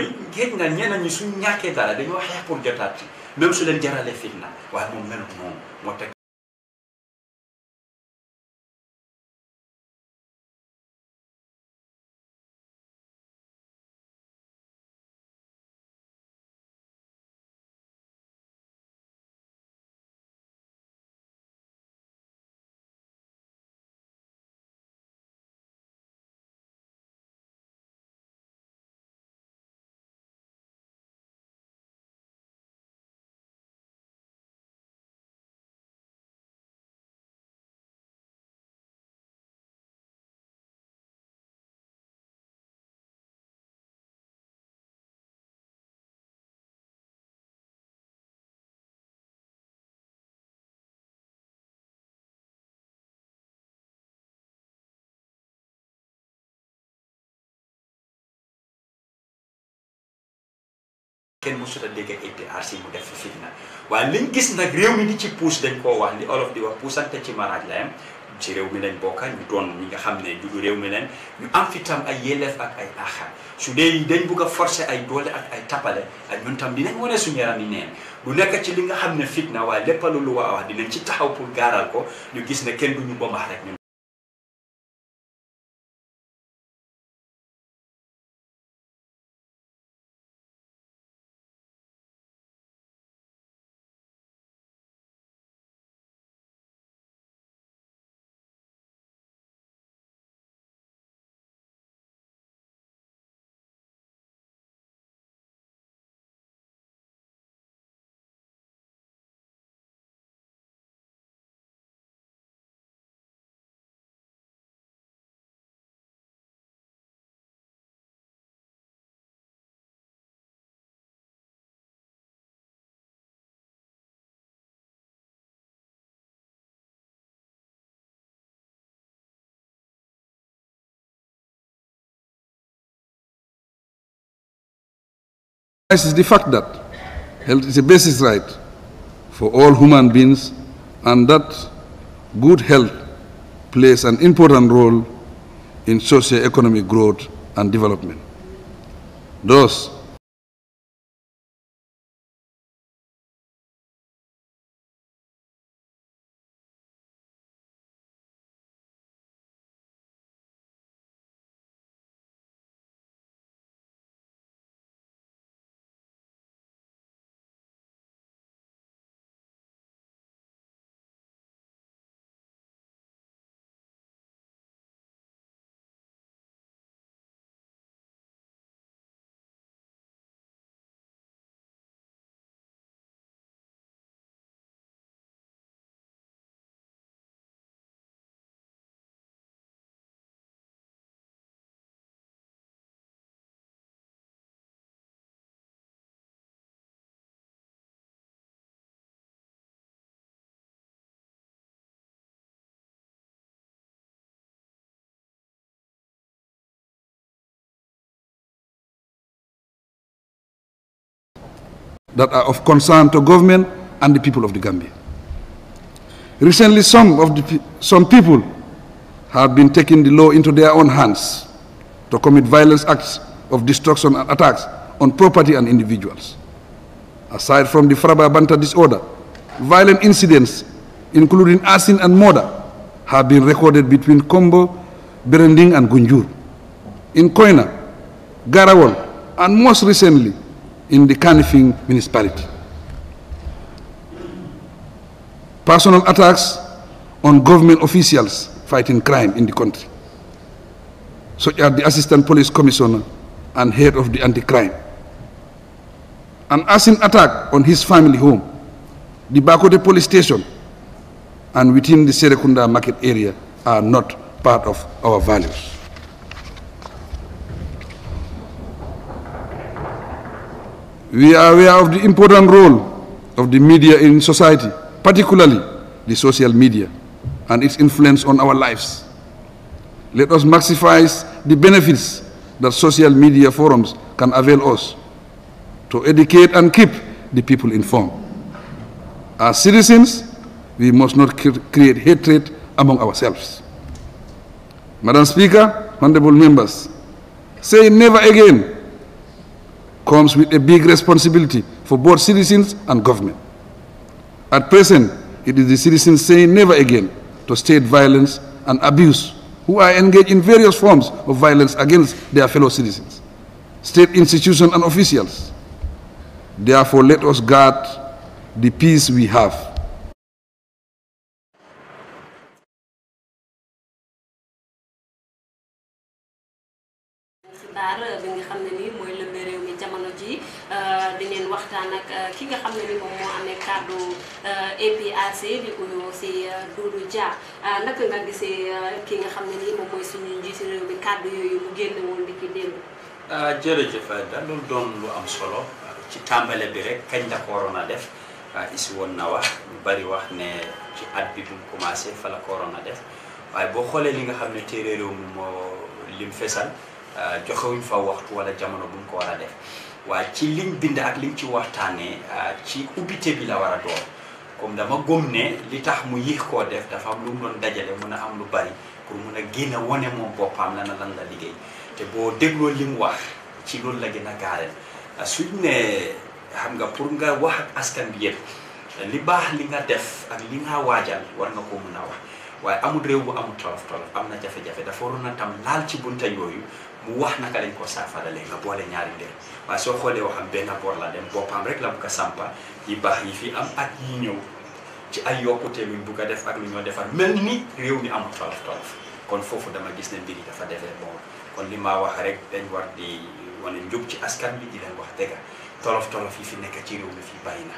Speaker 1: bëri géej na ñeneen ñi suñ ñàkkee dara dañoo xeex pour jotaat ci même su leen jaralee fitna waaye moom melu noonu moo teg kenn mosut a dégg si mu def fi fitna waaye liñ gis nag réew mi ni ci puus dañ koo wax li olof di wax
Speaker 3: puusante ci maraaj la yam ci réew mi lañ bokka ñu doon ñi nga xam ne juddu réew mi lañ ñu am fi tam ay yelleef ak ay aaxa su dee dañ bugg a forcer ay doole ak ay tapale ak ñun tam dinañ
Speaker 1: wane suñu yaram yi neen du nekk ci li nga xam ne fitna waaye lépp lu lu waa wax dinañ ci taxaw pour gaaral ko ñu gis ne kenn du ñu bombax rek ñun is the fact that health is a basic right for all human beings and that
Speaker 4: good health plays an important role in socio-economic
Speaker 1: growth and development. Thus, that are of concern to government and the people of the Gambia. Recently,
Speaker 4: some, of the, some people have been taking the law into their own hands to commit violence acts of destruction and attacks on property and individuals. Aside from the Banta disorder, violent incidents, including arson and murder, have been recorded between Kombo, Berending, and Gunjur. In Koina, Garawon, and most recently, in the Kanifing municipality. Personal attacks on government officials fighting crime in the country, such as the Assistant Police Commissioner and head of the anti-crime. An arson attack on his family home, the Bakote police station, and within the Serekunda market area are not part of our values. We are aware of the important role of the media in society, particularly the social media and its influence on our lives. Let us maximize the benefits that social media forums can avail us to educate and keep the people informed. As citizens, we must not create hatred among ourselves. Madam Speaker, honorable members, say never again comes with a big responsibility for both citizens and government. At present, it is the citizens saying never again to state violence and abuse who are engaged in various forms of violence against their fellow citizens, state institutions and officials. Therefore,
Speaker 1: let us guard the peace we have
Speaker 2: si euh, ah, euh, woon
Speaker 3: ah, jërëjëf dañu lu am solo ah, ci tàmbale bi rek kañ a def isi woon na wax bari wax ne ci at bi bu mu commencé fa la ko a def waaye boo xoolee li nga xam ne téere réew mi lim fesal joxewuñ fa waxtu wala jamono bu ko war a def waaye ci liñ bind ak liñ ci waxtaanee ci ubbite bi la war a doon. comme dama gëm ne li tax mu yéex koo def dafa am lu mu doon dajale mun a am lu bari pour mun a génn wane moom boppam lana lan la liggéey te boo dégloo li mu wax ci loolu la gën a gaare suñ ne xam nga pour nga wax ak askan bi li baax li nga def ak li nga waajal war nga ko mun a wax waaye amul réew bu amul tolof tolof am na jafe-jafe dafa waroon a tam laal ci bunta yooyu mu wax naka lañ ko saafaralee nga boole ñaari mbir waaye soo xoolee waxam benn boor la dem boppam rek la bu ko sampa yi baax yi fi am ak yi ñëw ci ay yokkute luñ bugg a def ak lu ñoo defar mel ni réew mi amul tolof tolof kon foofu dama gis ne mbir yi dafa defee bon kon li ma wax rek dañ war di wane njub ci askan bi di leen wax dëgg tolof tolof yi fi nekk ci réew mi fi bari na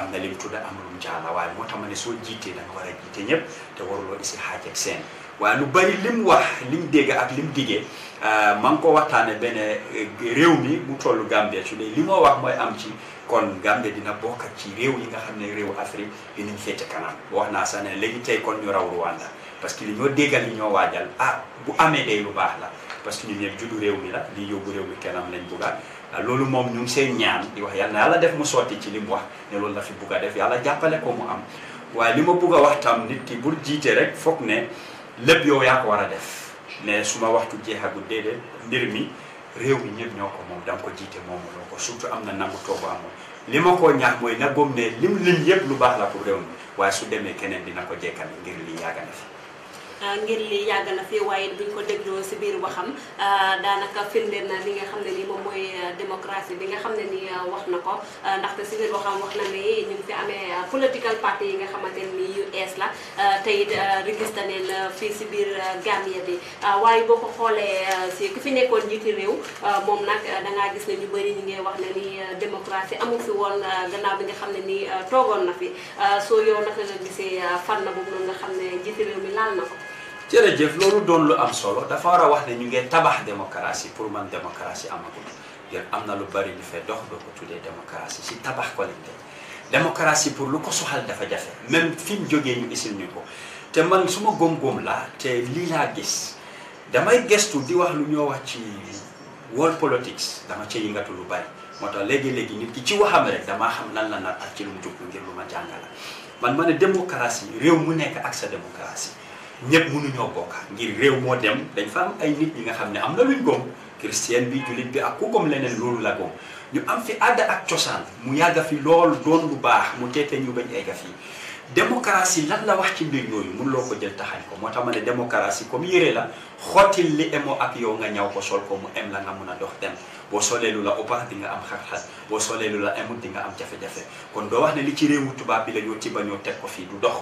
Speaker 3: am na lim tudda am lum jaala waaye moo tax ma ne soo jiitee da nga war a jiite ñëpp te waruloo isi xaaj ak seen waaye lu bari lim wax lim dégg ak lim diggee ah, maa ngi ko waxtaane benn eh, réew mi mu tollu Gambia su dee li moo wax mooy am ci kon Gambie dina bokk ci réew yi nga xam ne réew Afrique yi ñu féete kanam wax naa sax ne léegi tey kon ñu raw Rwanda parce que li ñoo déggal li ñoo waajal ah bu amee day lu baax la parce que ñu ñëpp juddu réew mi la li yóbbu réew mi kanam lañ bugga ah, loolu moom ñu ngi seen ñaan di wax yàlla na yàlla def mu sotti ci li mu wax ne loolu la fi bugg a def yàlla jàppale koo mu am waaye li ma bugg a wax tam nit ki bul jiite rek foog ne lépp yow yaa ko war a def ne su ma waxtu jeexagul déedéet mbir mi réew mi ñëpp ko moom da jiite moomu surtout am na nangu toogu amul li ma ko ñax mooy na gëm ne lim lim yëpp lu baax la pour réew mi waaye su demee keneen dina ko jekkal ngir li yàgg fi
Speaker 2: Euh, ngir li yàgg na fi waaye buñ ko dégloo si biir waxam euh, daanaka firndeel na li nga xam ne ni moom mooy euh, démocratie bi nga xam ne ni wax na ko ndaxte si biir waxam wax ñu ngi fi amee political party yi nga xamante ni yu ees la tey it registré nañ la fii si biir Gambia bi waaye boo ko xoolee si ku fi nekkoon njiiti réew moom nag dangaa gis ne ñu bëri ñu ngi wax ne ni démocratie amu fi woon gannaaw bi nga xam ne nii toogoon na fi soo yow naka nga gisee na boobu noonu nga xam ne njiiti réew mi laal na ko
Speaker 3: jërëjëf loolu doon lu am solo dafa war a wax ne ñu ngee tabax démocratie pour man démocratie amagul ngir am na lu bari lu fee dox doo ko tuddee démocratie si tabax ko lañ teg pour lu ko soxal dafa jafe même fi jógee ñu gisul ñu ko te man su ma góom-góom laa te lii laa gis damay gestu di wax lu ñoo wax ci world politics dama ci yëngatu lu bari moo tax léegi-léegi nit ki ci waxam rek damaa xam nan la naan ak ci lu mu jublu ngir lu ma jàngala man ma ne démocratie réew mu nekk ak sa ñëpp mënuñoo bokk ngir réew moo dem dañ fa am ay nit ñi nga xam ne am na luñ gom christian bi jullit bi ak ku gom leneen loolu la gom ñu am fi aada ak cosaan mu yàgg fi lool doon lu baax mu teete ñu bañ egga fii démocratie lan la wax ci mbir yooyu mun loo ko jël taxañ ko moo tax ma ne démocratie comme yére la xottil li emoo ak yow nga ñaw ko sol ko mu em la nga mun a dox dem boo solee lu la ëppax di nga am xat-xat boo solee lu la emut di nga am jafe kon doo wax ne li ci réewu tubaab bi la ñoo tiba ñoo teg ko fii du dox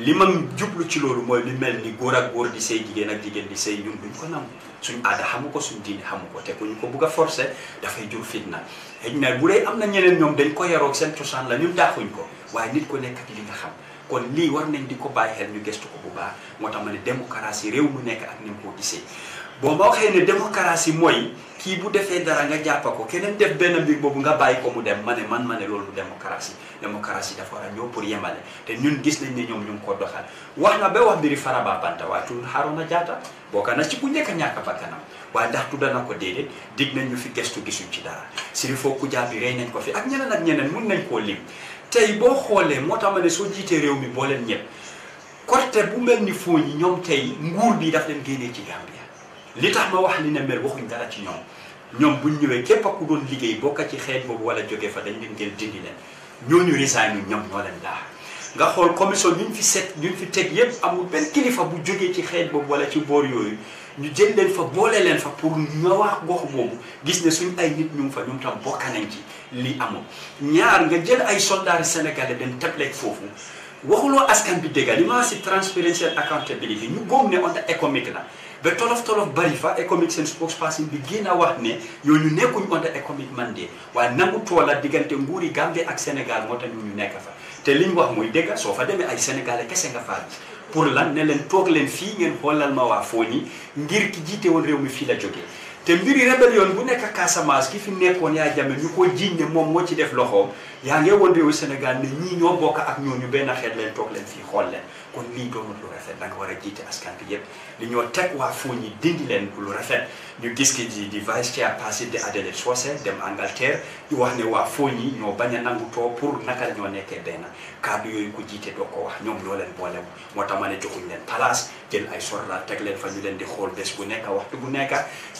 Speaker 3: li ma jublu ci loolu mooy lu mel ni góor ak góor di sëy jigéen ak jigéen di sëy ñun duñ ko nangu suñ aada xamu ko suñ diine xamu ko te ku ñu ko bugg a forcer dafay jur fitna xëy na bu dee am na ñeneen ñoom dañ ko yaroog seen cosaan la ñun daaxuñ ko waaye nit ko nekk ak li nga xam kon lii war nañ di ko bàyyi xel ñu gëstu ko bu baax moo tax ma ne demu démocratie réew mu nekk ak ni mu ko gisee boo ma waxee ne démocratie mooy kii bu defee dara nga jàppa ko keneen def benn mbir boobu nga bàyyi ko mu dem ma ne man ma ne loolu démocratie démocratie dafa war a ñëw pour yemale te ñun gis nañ ne ñoom ñu ngi ko doxal wax na ba wax mbiri Faraba Banta waaye tudd Harouna Diatta bokk na ci ku njëkk ñàkk bakkanam waaye ndax tudda na ko déedéet dig nañ ñu fi gestu gisuñ ci dara Sirifo Kujabi bi rey nañ ko fi ak ñeneen ak ñeneen mun nañ koo lim tey boo xoolee moo tax ma ne soo jiitee réew mi boo leen ñëpp côté bu mel ni fooñi ñoom tey nguur bi daf leen génnee ci Gambia li tax ma wax li ne mel waxuñ dara ci ñoom ñoom buñ ñëwee képp ku doon liggéey bokk ci xeet boobu wala jóge fa dañ leen jël dindi leen ñooñu resign ñoom ñoo leen laax nga xool commission ñu fi set ñu fi teg yépp amul benn kilifa bu jógee ci xeet boobu wala ci boor yooyu ñu jël leen fa boole leen fa pour nga wax gox boobu gis ne suñ ay nit ñu ngi fa ñoom tam bokk nañ ci lii amul ñaar nga jël ay soldats sénégalais dem tebleeg foofu waxuloo askan bi dégg li ma si transparency and accountability ñu góom ne on economic la ba tolof tolof bari fa economic spokesperson bi génn a wax ne ñooñu nekkuñ under economic mandate waaye nangu toola diggante nguuri Gambie ak Sénégal moo tax ñu nekk fa te liñ wax muy dëgg soo fa demee ay sénégalais kese nga faa pour lan ne leen toog leen fii ngeen xoolal ma waa Foni ngir ki jiite woon réew mi fii la jógee te mbiri rébellion bu nekk Casamance ki fi nekkoon yaa jame ñu ko jiiñ ne moom moo ci def loxoom yaa ngi wondewu Sénégal ne ñii ñoo bokk ak ñu benn xeet leen toog leen fii xool leen kon lii doonul lu rafet da war a jiite askan bi yëpp li ñoo teg waa foo ñi dindi leen lu rafet ñu gis ki di di vice chair passé de Adelaide Socé dem Angleterre di wax ne waa foo ñi ñoo bañ a nangu too pour naka ñoo nekkee benn kàddu yooyu ku jiite doo ko wax ñoom loo leen boole moo tax ma ne joxuñ leen place jël ay sorla teg leen fa ñu leen di xool bés bu nekk waxtu bu nekk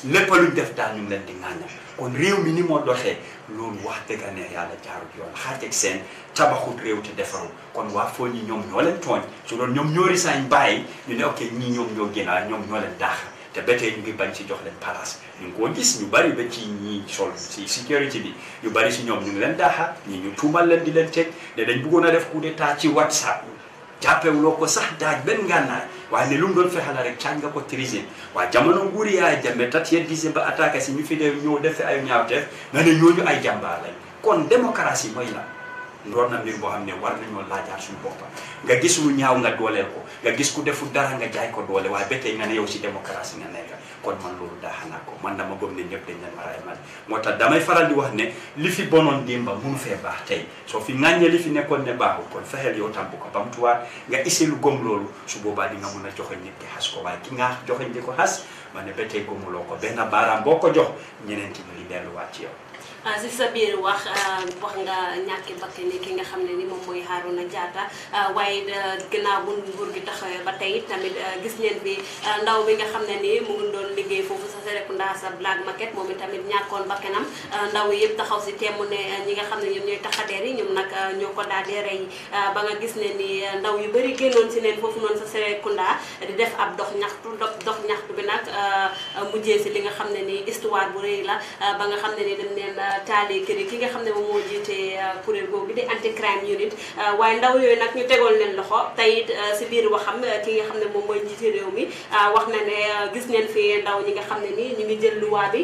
Speaker 3: lépp luñ def daal ñu leen di ŋàññal kon réew mi ni moo doxee loolu wax dëgg ne yàlla jaarut yoon xaateeg seen tabaxut réew te defarul kon waa foo ni ñoom ñoo leen tooñ su loolu ñoom ñoo risaañ baay ñu ne ok ñii ñoom ñoo génnaa ñoom ñoo leen daax te ba tey ñu ngi bañ ci jox leen place ñu ngi koo gis ñu bari ba ci ñi sol si sécurité bi ñu bari si ñoom ñu ngi leen daaxa ñi ñu tuumal leen di leen teg te dañ bëggoon a def coup d'état ci whatsapp loo ko sax daaj benn ngànnaay wande ɗum ɗon fe halare canga ko trisien wa jamano guuri ya jambe tati hen disembe attaque si mi fide ay fe ayo na nane ñooñu ay jambalay kon démocratie moyla doon na mbir boo xam ne war nañoo laajaat suñu boppa nga gis lu ñaaw nga dooleel ko nga gis ku defu dara nga jaay ko doole waaye ba tey nga ne yow si démocratie nga nekk kon man loolu daaxanaa ko man dama gëm ne ñëpp dañ moo tax damay faral di wax ne li fi bonoon démba munu fee baax tey soo fi ŋàññee li fi nekkoon ne baaxul kon fexeel yow tam bu ko bamtuwaat nga ise lu gëm loolu su boobaa di nga mun a joxe nit ki xas ko waaye ki nga joxe di ko xas ma ne ba tey gëmuloo ko benn baaraam boo ko jox ñeneen ki ñu delluwaat ci yow
Speaker 2: Euh, si sa biir wax euh, wax nga ñàkki bakkan ki nga xam ne ni moom mooy Harouna Diatta euh, waaye gannaaw bu nguur gi taxawee ba tey tamit gis ngeen bi ndaw bi nga xam ne ni mu ngi doon liggéey foofu sa Serekunda sa Black Market moom itamit ñàkkoon bakkanam ndaw yëpp taxaw si temm ne ñi nga xam ne ñoom ñooy taxadeer yi ñoom nag ñoo ko daal di rey ba nga gis ne ni ndaw yu bëri génnoon si neen foofu noonu sa Serekunda def ab dox ñaxtu dox ñaxtu bi nag mujjee si li nga xam ne ni histoire bu rëy la ba nga xam ne ni dem neen taali kër yi ki nga xam ne moom moo jiite euh, kuréel googu di anti crime unit euh, waaye ndaw yooyu nag ñu tegoon leen loxo tey euh, si biir waxam ki nga xam ne moom mooy jiite réew mi wax na ne gis neen fi ndaw ñi nga xam ne nii ñu ngi jël luwaa bi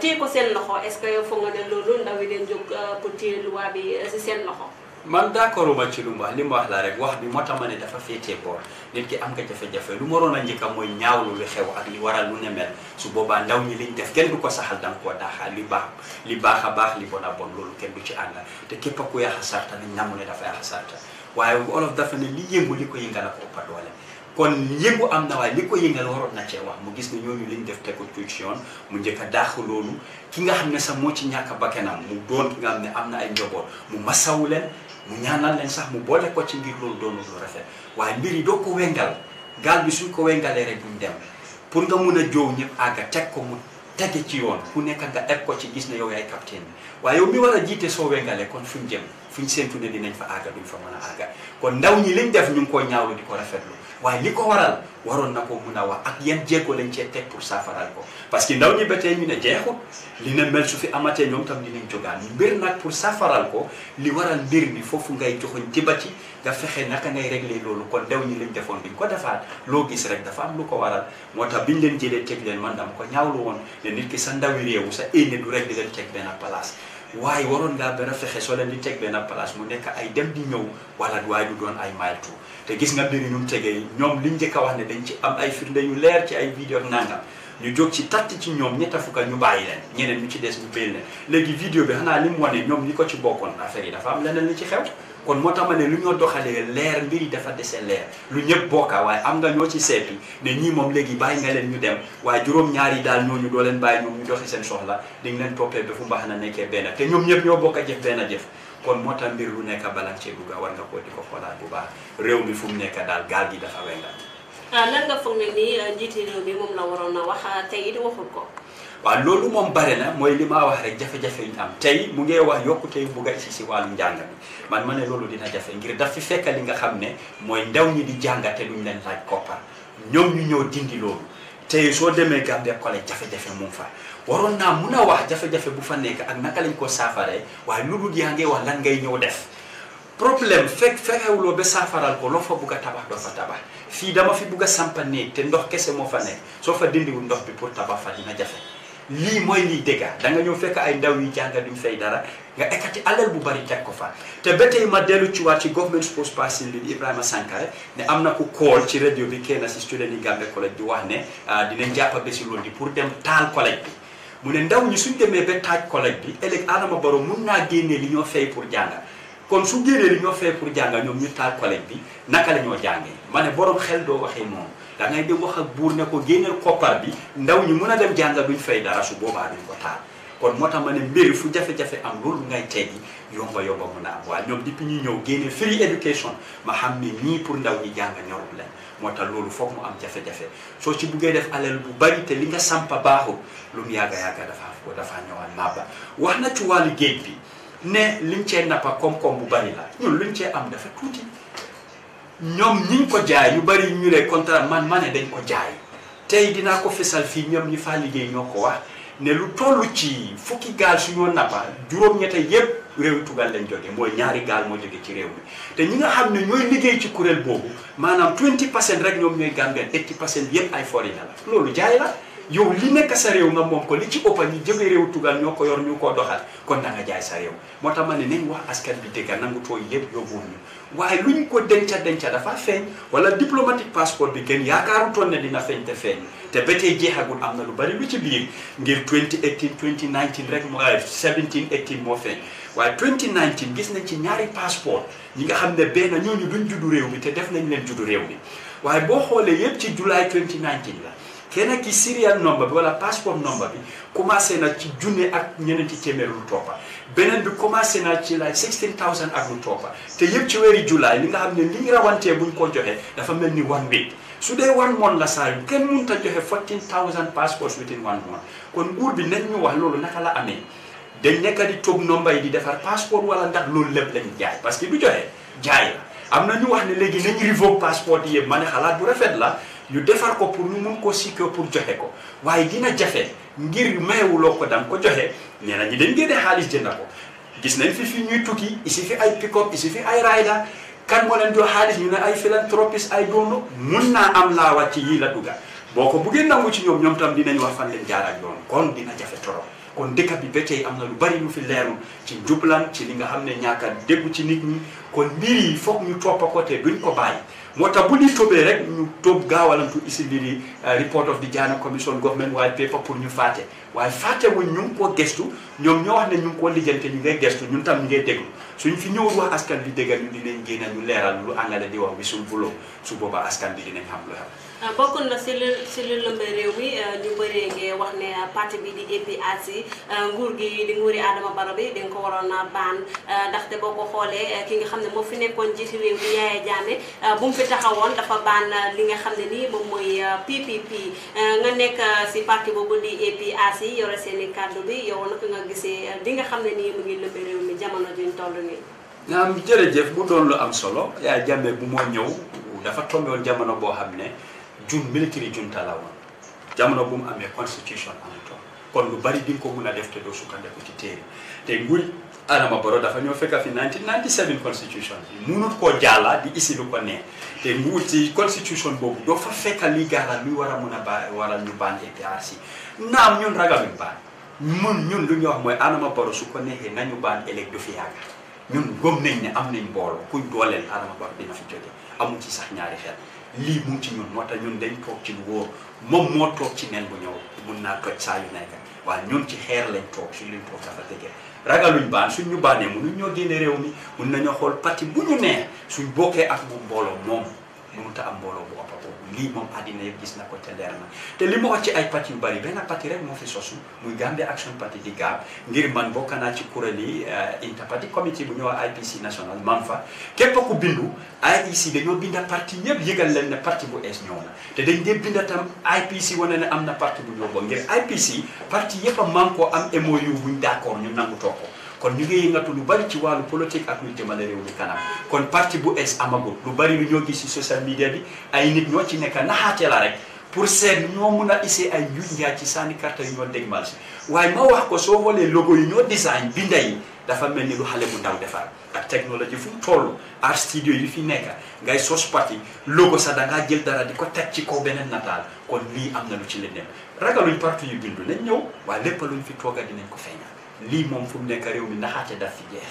Speaker 2: tee ko seen loxo est-ce que foog nga ne loolu ndaw yi leen jóg pour téye luwaa bi si seen loxo
Speaker 3: man d'accord ma ci lu wax li ma wax la rek wax bi moo tax ma ne dafa féetee boor nit ki am nga jafe-jafe lu ma a njëkka mooy ñaawlu li xew ak li waral lu ne mel su boobaa ndaw ñi liñ def kenn du ko saxal danga koo daaxaa li baax li baax a baax li bon a bon loolu kenn du ci ànd te képp ku yàq sarta ni namu ne dafa yaxa sarta waaye olof dafa ne li yëngu li ko yëngal ko ëppa doole kon yëngu am na waaye li ko yëngal waroon na cee wax mu gis ne ñooñu liñ def tegu ci yoon mu njëkk a dàq loolu ki nga xam ne sax moo ci ñàkk bakkenam mu doon ki nga xam ne am na ay njaboot mu masawu leen mu ñaanal leen sax mu boole ko ci ngir loolu doonu lu rafet waaye mbir yi doo ko wengal gaal bi suñ ko wengalee rek duñ dem pour nga mun a joow ñëpp àgga teg ko mu tege ci yoon ku nekk nga eb ko ci gis ne yow yaay capitaine bi waaye yow mi war a jiite soo wengalee kon fuñ jëm fuñ séentu ne dinañ fa àgga duñ fa mën a àgga kon ndaw ñi liñ def ñu ngi koy ñaawlu di ko rafetlu waaye li ko waral waroon na ko mun a wax ak yan jéego lañ cee teg pour saafaral ko parce que ndaw ñi ba tey ñu ne jeexut li ne mel su fi amatee ñoom tam li jogaat jógaan mbir nag pour saafaral ko li waral mbir mi foofu ngay joxoñ tibati nga fexe naka ngay réglé loolu ko ndaw ñi lañ defoon biñ ko defaat loo gis rek dafa am lu ko waral moo tax ñu leen jëlee teg leen man dama ko ñaawlu woon ne nit ki sa ndawi réewu sa énne du rek di leen teg benn waaye waroon ngaa benn fexe soo leen di teg benn place mu nekk ay dem di ñëw wala waaye du doon ay mile two te gis nga mbir yi ñu tegee ñoom li njëkk a wax ne dañ ci am ay firnde yu leer ci ay vidéo nangam ñu jóg ci tatti ci ñoom ñetta fukka ñu bàyyi leen ñeneen ñu ci des ñu béy leen léegi vidéo bi xanaa li mu wane ñoom ñi ko ci bokkoon affaire yi dafa am leneen li ci xew kon moo tax ma ne lu ñoo doxalee leer mbir yi dafa dese leer lu ñëpp bokka waaye am nga ñoo ci seeti ne ñii moom léegi bàyyi nga leen ñu dem waaye juróom-ñaar yi daal ñooñu doo leen bàyyi ñoom ñu doxi seen soxla di nga leen toppee ba fu mbaax na nekkee benn te ñoom ñëpp ñoo bokk a jëf benn jëf kon moo tax mbir lu nekk balan cee dugga war nga ko di ko xoolaat bu baax réew mi fu mu nekk daal gaal gi dafa wenga
Speaker 2: ah, lan nga foog ni ah, njiiti réew mi moom waroon na wax ah, tey it waxul ko
Speaker 3: waaw loolu moom bare na mooy li maa wax rek jafe-jafe ñu am tey mu ngee wax yokkute yu bugga si si wàllu njàng mi man ma ne loolu dina jafe ngir daf fi fekk li nga xam ne mooy ndaw ñi di jàngate duñ leen laaj koppar ñoom ñu ñëw dindi loolu tey soo demee Gambia College jafe-jafe mu ngi fa waroon naa mun a wax jafe-jafe bu fa nekk ak naka lañ ko saafaree waaye lu dul yaa ngi wax lan ngay ñëw def problème fekk fexewuloo ba saafaral ko loo fa bugg a tabax doo fa tabax fii dama fi bugg a sampa néeg te ndox kese moo fa nekk soo fa dindiwul ndox bi pour tabax fa dina jafe lii mooy lii dégga da nga ñëw fekk ay ndaw yu jàng duñ fay dara nga ekkati alal bu bari teg ko fa te ba tey ma dellu ci waat ci government sports person li Ibrahima Sankare ne am na ku kool ci rajo bi kenn si student yi Gambia collège di wax ne ah, dinañ jàpp bési loolu di pour dem taal collège bi mu ne ndaw ñi suñ demee ba taaj collège bi ëllëg Adama borom mun naa génnee li ñoo fay pour jànga kon su génnee li ñoo fay pour jànga ñoom ñu taal collège bi naka la ñoo jàngee ma ne borom xel doo waxee noonu da ngay dem wax buur ne ko génneel koppar bi ndaw ñu mën a dem jànga duñ fay dara su boobaa duñ ko taal kon moo tax ma ne mbir fu jafe-jafe am loolu ngay teggi yomba yomba mun a am waaye ñuy ñëw génne free education ma xam ne ñii pour ndaw ñi jàng ñorul leen moo tax loolu foog mu am jafe-jafe ci buggee def alal bu bari te li nga sampa baaxul lu mu yàgga yàgga dafa ko dafa ñëwaat wax na ci wàllu géej bi ne liñ cee nappa koom-koom bu bari la ñun luñ cee am dafa tuuti ñoom ñiñ ko jaay ñu bari ñu ne contrat man ma dañ ko jaay tey dinaa ko fesal fii ñoom ñi faa liggéey ñoo ko wax ne lu toll ci fukki gaal suñoo nappa juróom-ñette yépp réew tugal lañ jóge mooy ñaari gaal moo jóge ci réew te ñi nga xam ne ñooy liggéey ci kuréel boobu maanaam 20 percent rek ñoom ñooy Gambien 80 percent yépp ay foreigner la loolu jaay li nekk sa réew nga moom ko li ci ëppa ñi jóge réew tugal ñoo ko yor ñu ko doxal kon da nga jaay sa réew moo tax ma ne nañ wax askan bi dëgga nangu tooy yépp yóbbuwul ñu waaye luñ ko denca denca dafa feeñ wala diplomatique passeport bi kenn yaakaarutoon ne dina feeñ te feeñ te ba tey jeexagul am na lu bari lu ci biir ngir 2018 2019 rek moo 17 18 moo feeñ waaye 2019 gis nañ ci ñaari passeport ñi nga xam ne benn ñooñu duñ juddu réew mi te def nañ leen juddu réew mi waaye boo xoolee yépp ci July 2019 la kenn ki serial number bi wala passeport number bi commencé na ci junne ak ñeneen ci téeméer lu beneen bi commencé naa ci laaj 16000 ak lu toppa te yëpp ci weeri julaay li nga xam ne liñ rawantee buñ ko joxe dafa mel ni one week su dee one month la saa yu kenn mënut a joxe 14000 passports within one month kon nguur bi nañ ñu wax loolu naka la amee dañ nekk di toog nomba yi di defar passeport wala ndax loolu lépp lañ jaay parce que du joxe jaay la am na ñu wax ne léegi nañ revoke passeport yi ma ne xalaat bu rafet la ñu defar ko pour ñu mun koo sikkee pour joxe ko waaye dina jafe. ngir mayewuloo ko dam ko joxe nee na ñi dañ génne xaalis jënd ko gis nañ fi fi ñuy tukki isi fi ay pick-up isi fi ay rider kan moo leen jox xaalis ñu ne ay philanthropiste ay doonu mun naa am laawaat ci yii la dugga boo ko buggee nangu ci ñoom ñoom tam dinañ wax fan leen jaar ak yoon kon dina jafe torop kon dëkka bi ba tey am na lu bari lu fi leerul ci njublan ci li nga xam ne ñàkk a déggu ci nit ñi kon mbir yi foog ñu toppa ko te duñ ko moo tax bu lii tóobee rek ñu tóob gaawalantu isi lii euh, report of the Ghana Commission government white paper pour ñu fàtte waaye fàtte wuñ ñu ngi ko gestu ñoom ñoo wax ne ñu ngi ko lijjante ñu ngay gestu ñun tam ñu ngay déglu suñ fi ñëwul wax askan bi déggal ñu dinañ génne ñu leeral lu àngale di wax bi suñ buloo su boobaa askan bi dinañ xam lu xew
Speaker 2: Euh, bokkoon na si lu lu lëmbee réew mi euh, ñu bëree ngi wax ne euh, parti bi di APRC nguur gi di nguuri Adama Barrow bi dañ ko waroon a baan ndaxte boo ko xoolee ki nga xam ne moo fi nekkoon jiiti réew mi Yaya Jammeh bu fi taxawoon dafa baan li nga xam ne nii moom mooy PPP nga nekk si parti boobu di APRC yore seen i kàddu bi yow naka nga gisee li nga xam ne nii mu ngi lëmbee réew mi jamono juñ toll nii.
Speaker 3: naam jërëjëf mu doon lu am solo Yaya Jammeh bu moo ñëw dafa tombé woon jamono boo xam ne. jun military junta la woon jamono bu mu amee constitution amutoon kon lu bari di ko mun a def te doo sukkandiku ci téere te nguuri Adama Barrow dafa ñoo fekk fi 1997 constitution bi munut koo jàllaa di isi lu ko nee te nguur ci constitution boobu doo fa fekka li gaaral luy war a mun a ba waral ñu baan APRC naam ñun ragaluñ baan mun ñun lu ñu wax mooy Adama Barrow su ko neexee nañu baan éleg du fi yàgg ñun gëm nañ ne am nañ mbooloo kuñ dooleel Adama Barrow dina amul ci sax ñaari xel lii mu ci ñun moo tax ñun dañ toog ci lu wóor moom moo toog ci nen bu ñëw mun naa toj saa yu nekk waaye ñun ci xeer lañ toog suñ lañ toog dafa dëgër ragaluñ baan suñ ñu baanee mënuñ ñoo génne réew mi mun nañoo xool parti bu ñu nee suñ bokkee ak bu mbooloo moom mënut mut am mbooloo bu ëpp lii moom àddina yëpp gis na ko te leer na te li ma wax ci ay parti yu bari benn parti rek moo fi sosu muy Gambia Action Party di GAP ngir man bokk naa ci kuréel yi euh, interparty committee bu ñu wax IPC national man fa képp ku bindu IEC dañoo binda parti yëpp yëgal leen ne parti bu ees ñëw te dañ dee binda tam IPC wane ne am na parti bu ñëw ba ngir IPC parti yëpp a man koo am MOU wuñ d'accord ñu nangu toog ko kon liggéey ngi yëngatu lu bari ci wàllu politique ak lu jëmale réew mi kanam kon parti bu es amagul lu bari lu ñoo gis ci social media bi ay nit ñoo ci nekk naxaate la rek pour seet ñoo mun a issee ay njuuj njaaj ci sànni karta yu ñoo dégmal si waaye ma wax ko soo wolee logo yi ñoo design binda yi dafa mel ni lu xale bu ndaw defar ak technologie fu mu toll art studio yi fi nekk ngay sos parti logo sax da jël dara di ko teg ci ko beneen nataal kon lii am na lu ci leneen ragaluñ parti yu bindu nañ ñëw waaye lépp luñ fi tooga dinañ ko feeñal lii moom fu mu nekk réew mi naxaate daf fi jeex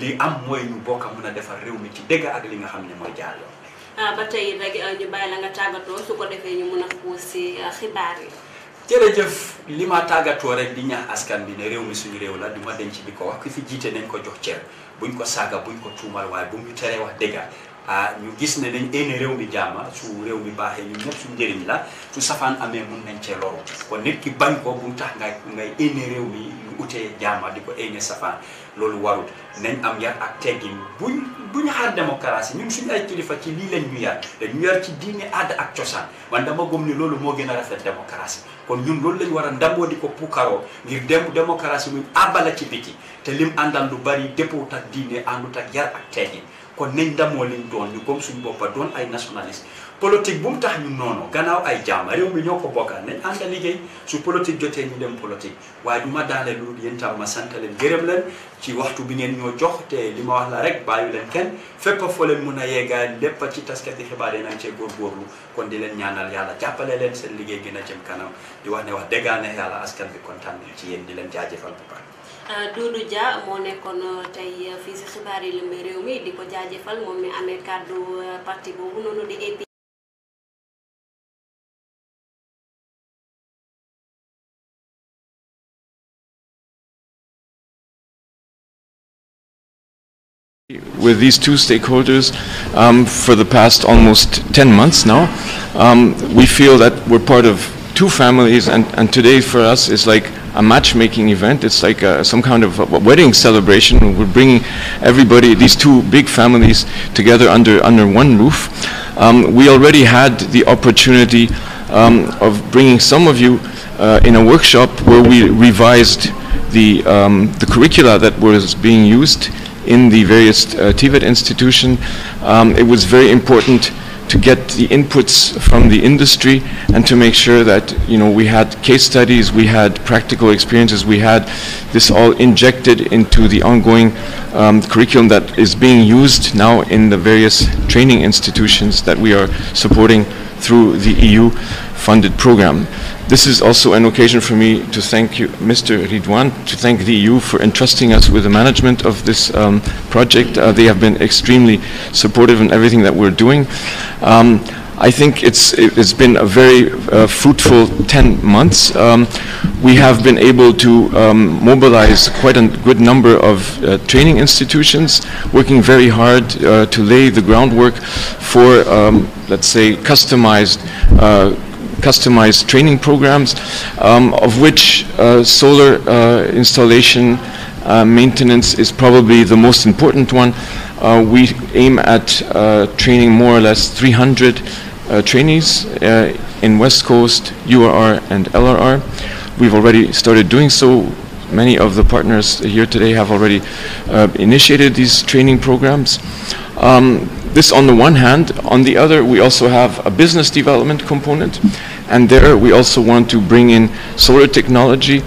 Speaker 3: li am mooy ñu bokk a mun a defar réew mi ci dëgg ak li nga xam ne mooy jaar yoon
Speaker 2: ah ba tey rek euh, ñu bàyyi la nga tàggatoo su ko defee ñu mun a xuus si euh, xibaar yi.
Speaker 3: jërëjëf li ma tàggatoo rek di ñaax askan bi ne réew mi suñu réew la du ma denc bi ko wax ki fi jiite nañ ko jox ceeb buñ ko saaga buñ ko tuumal waaye bu mu teree wax dëgga ah ñu gis ne dañ éene réew mi jàmma su réew mi baaxee ñun ñëpp suñu njëriñ la su safaan amee mun nañ cee loru kon nit ki bañ ko bu tax ngay ngay réew mi utee jàmma ko safaan loolu warut nañ am yar ak teggin buñ buñ xaar démocratie ñun suñu ay kilifa ci lii lañ ñu yar dañu yar ci diine aada ak cosaan man dama gëm ni loolu moo gën a rafet démocratie kon ñun loolu lañ war a di ko puukaroo ngir dem démocratie muy abala ci biti te lim àndal lu bari dëppoo ak diine àndut ak yar ak teggin kon nañ ndamoo leen doon ñu comme suñu boppa doon ay nationaliste politique bu mu tax ñu noonu gannaaw ay jaam réew mi ñoo ko bokka nañ ànd liggéey su politique jotee ñu dem politique waaye du ma daale lu yéen tam ma sant leen gërëm leen ci waxtu bi ngeen ñoo jox te li ma wax la rek bàyyi leen kenn fépp foo leen mun a yeggaay lépp ci taskati xibaar yi nañ cee góorgóorlu kon di leen ñaanal yàlla jàppale leen seen liggéey gën a jëm kanam di wax ne wa dëggaane yàlla askan bi kontaan ci yéen di leen jaajëfal
Speaker 2: Eh, nekkoon eh, tey eh, fii si xibaar yi réew mi di ko jaajëfal moom mi
Speaker 1: amee kàddu parti boobu noonu di
Speaker 5: with these two stakeholders um, for the past almost 10 months now. Um, we feel that we're part of two families and, and today for us is like a matchmaking event. It's like uh, some kind of a wedding celebration. We're bringing everybody, these two big families, together under under one roof. Um, we already had the opportunity um, of bringing some of you uh, in a workshop where we revised the um, the curricula that was being used in the various uh, TVET institution. Um, it was very important to get the inputs from the industry and to make sure that you know we had case studies, we had practical experiences, we had this all injected into the ongoing um, curriculum that is being used now in the various training institutions that we are supporting through the EU funded program. This is also an occasion for me to thank you, Mr. Ridwan, to thank the EU for entrusting us with the management of this um, project. Uh, they have been extremely supportive in everything that we're doing. Um, I think it's it's been a very uh, fruitful 10 months. Um, we have been able to um, mobilize quite a good number of uh, training institutions, working very hard uh, to lay the groundwork for, um, let's say, customized uh, customized training programs, um, of which uh, solar uh, installation uh, maintenance is probably the most important one. Uh, we aim at uh, training more or less 300 trainees in West Coast, URR, and LRR. We've already started doing so. Many of the partners here today have already initiated these training programs. Um, this on the one hand. On the other, we also have a business development component. And there we also want to bring in solar technology.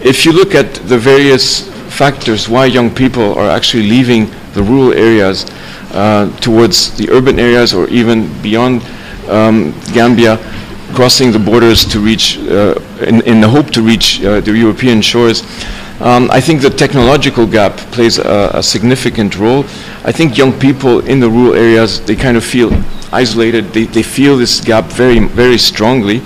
Speaker 5: If you look at the various factors why young people are actually leaving the rural areas uh, towards the urban areas or even beyond um, Gambia, crossing the borders to reach, uh, in, in, the hope to reach uh, the European shores, um, I think the technological gap plays a, a, significant role. I think young people in the rural areas, they kind of feel isolated. They, they feel this gap very, very strongly.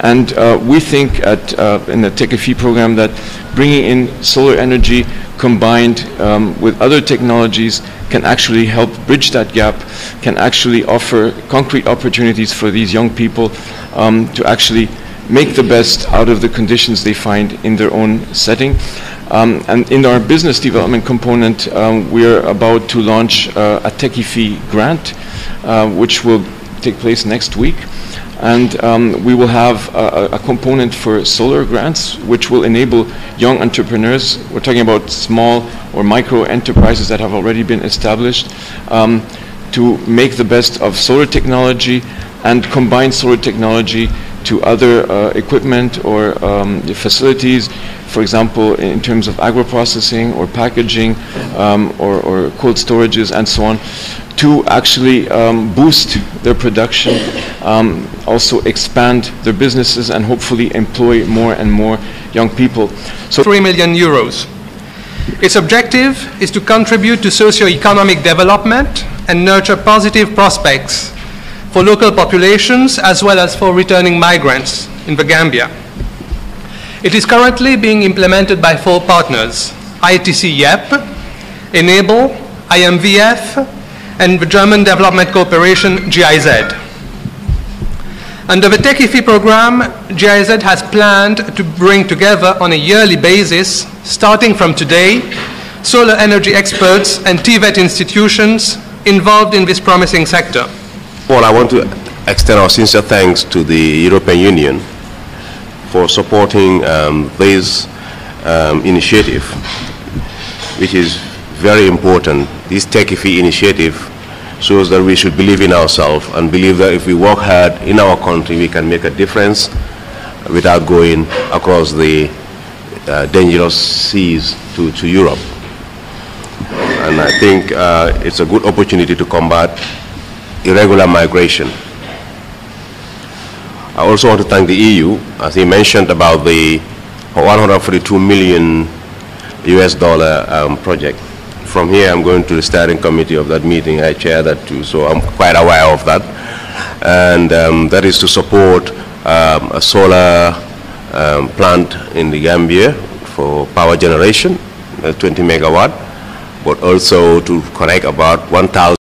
Speaker 5: And uh, we think at, uh, in the Fee program that bringing in solar energy combined um, with other technologies can actually help bridge that gap, can actually offer concrete opportunities for these young people um, to actually make the best out of the conditions they find in their own setting. Um, and in our business development component, um, we're about to launch uh, a techie fee grant, uh, which will take place next week. And um, we will have a, a, component for solar grants, which will enable young entrepreneurs, we're talking about small or micro enterprises that have already been established, um, to make the best of solar technology and combine solar technology to other uh, equipment or um, facilities, for example, in terms of agro-processing or packaging um, or, or, cold storages and so on, to actually um, boost their production, um, also expand their businesses and hopefully employ more and more young people. So 3 million euros. Its objective is to contribute to socio-economic
Speaker 4: development and nurture positive prospects for local populations as well as for returning migrants in the Gambia. It is currently being implemented by four partners ITC YEP, Enable, IMVF, and the German Development Cooperation GIZ. Under the TechIFI program, GIZ has planned to bring together on a yearly basis, starting from today, solar energy experts and TVET institutions involved in this promising sector.
Speaker 5: Paul, I want to extend our sincere thanks
Speaker 3: to the European Union for supporting um, this um, initiative, which is very important. This Techifi initiative shows that we should believe in ourselves and believe that if we work hard in our country, we can make a difference without going across the uh, dangerous seas to, to Europe. And I think uh, it's a good opportunity to combat irregular migration. I also want to thank the EU, as he mentioned about the 142 million US dollar um, project. From here, I'm going to the steering committee of that meeting. I chair that too, so I'm quite aware of that. And um, that is to support um, a solar um, plant in the Gambia
Speaker 1: for power generation, uh, 20 megawatt, but also to connect about 1,000.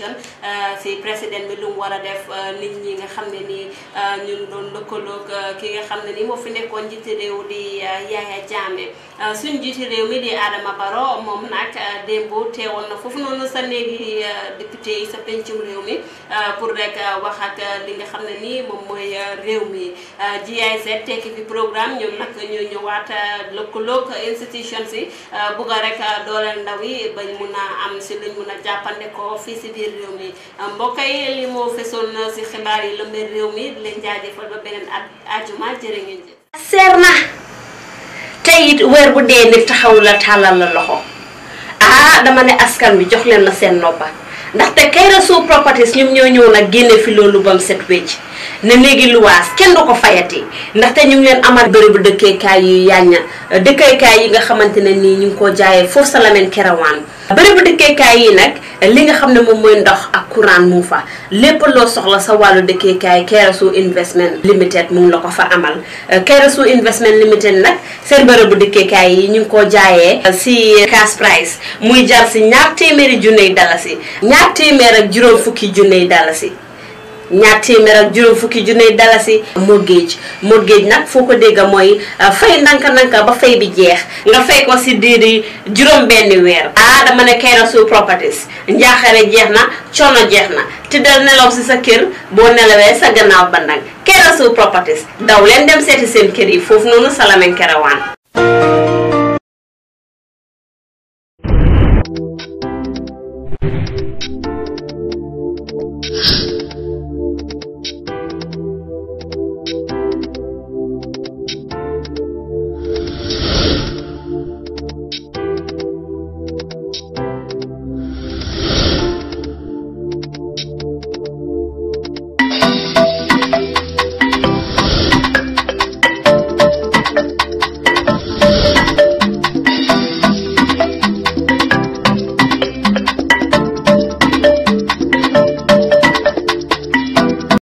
Speaker 1: jiital euh, si président bi lu mu war a def euh, nit
Speaker 2: ñi nga xam ne nii euh, ñu ngi doon lëkkaloog ki nga xam ne nii moo fi nekkoon njiiti réew di Yaya Jammeh suñ njiiti réew mi di Adama Barrow moom nag démb teewoon na foofu noonu sa néegi député yi sa pencum réew mi pour rek wax li nga xam ne nii moom mooy réew mi GIZ tekki fi programme ñoom nag ñoo ñëwaat lëkkaloog institution si bugg a rek dooleel ndaw yi bañ mun a am si luñ mun a jàppande fii si biir biir réew mi mbokk yi li moo fesoon si réew mi di leen jaajëfal ba beneen at seer na tey it weer bu dee nit taxaw tàllal la loxo ah dama ne askan bi jox leen la seen noppa ndaxte Kairó Sow Properties ñoom ñoo ñëw nag génne fi loolu bam set wécc ne léegi luwaas kenn du ko yi ndaxte ñu ngi leen amal bërëbu dëkkeekaay yu yàñña dëkkeekaay yi nga xamante ne nii ñu ngi ko jaayee foofu sa lameen kerawaan bërëbu dëkkeekaay yi nag li nga xam ne moom mooy ndox ak courant mu fa lépp loo soxla sa wàllu dëkkeekaay Keresu Investment Limited mu ngi la ko fa amal Keresu Investment Limited nag seen bu dëkkeekaay yi ñu ngi koo jaaye si cash price muy jar si ñaar téeméeri junney dalasi ñaar téeméer ak juróom fukki junney dalasi ñaar téeméer ak juróom fukki junne dalasi mortgage mortgage nag foo ko dégg mooy euh, fay nanka-nanka ba fay bi jeex nga fay ko si diiri juróom benn weer ah dama ne Kenasou Properties njaaxare jeex na coono jeex na te dal nelaw si sa kër boo nelawee sa gannaaw ba nag bandang Kenasou Properties daw leen dem seeti seen kër yi foofu noonu Salam and Kerewan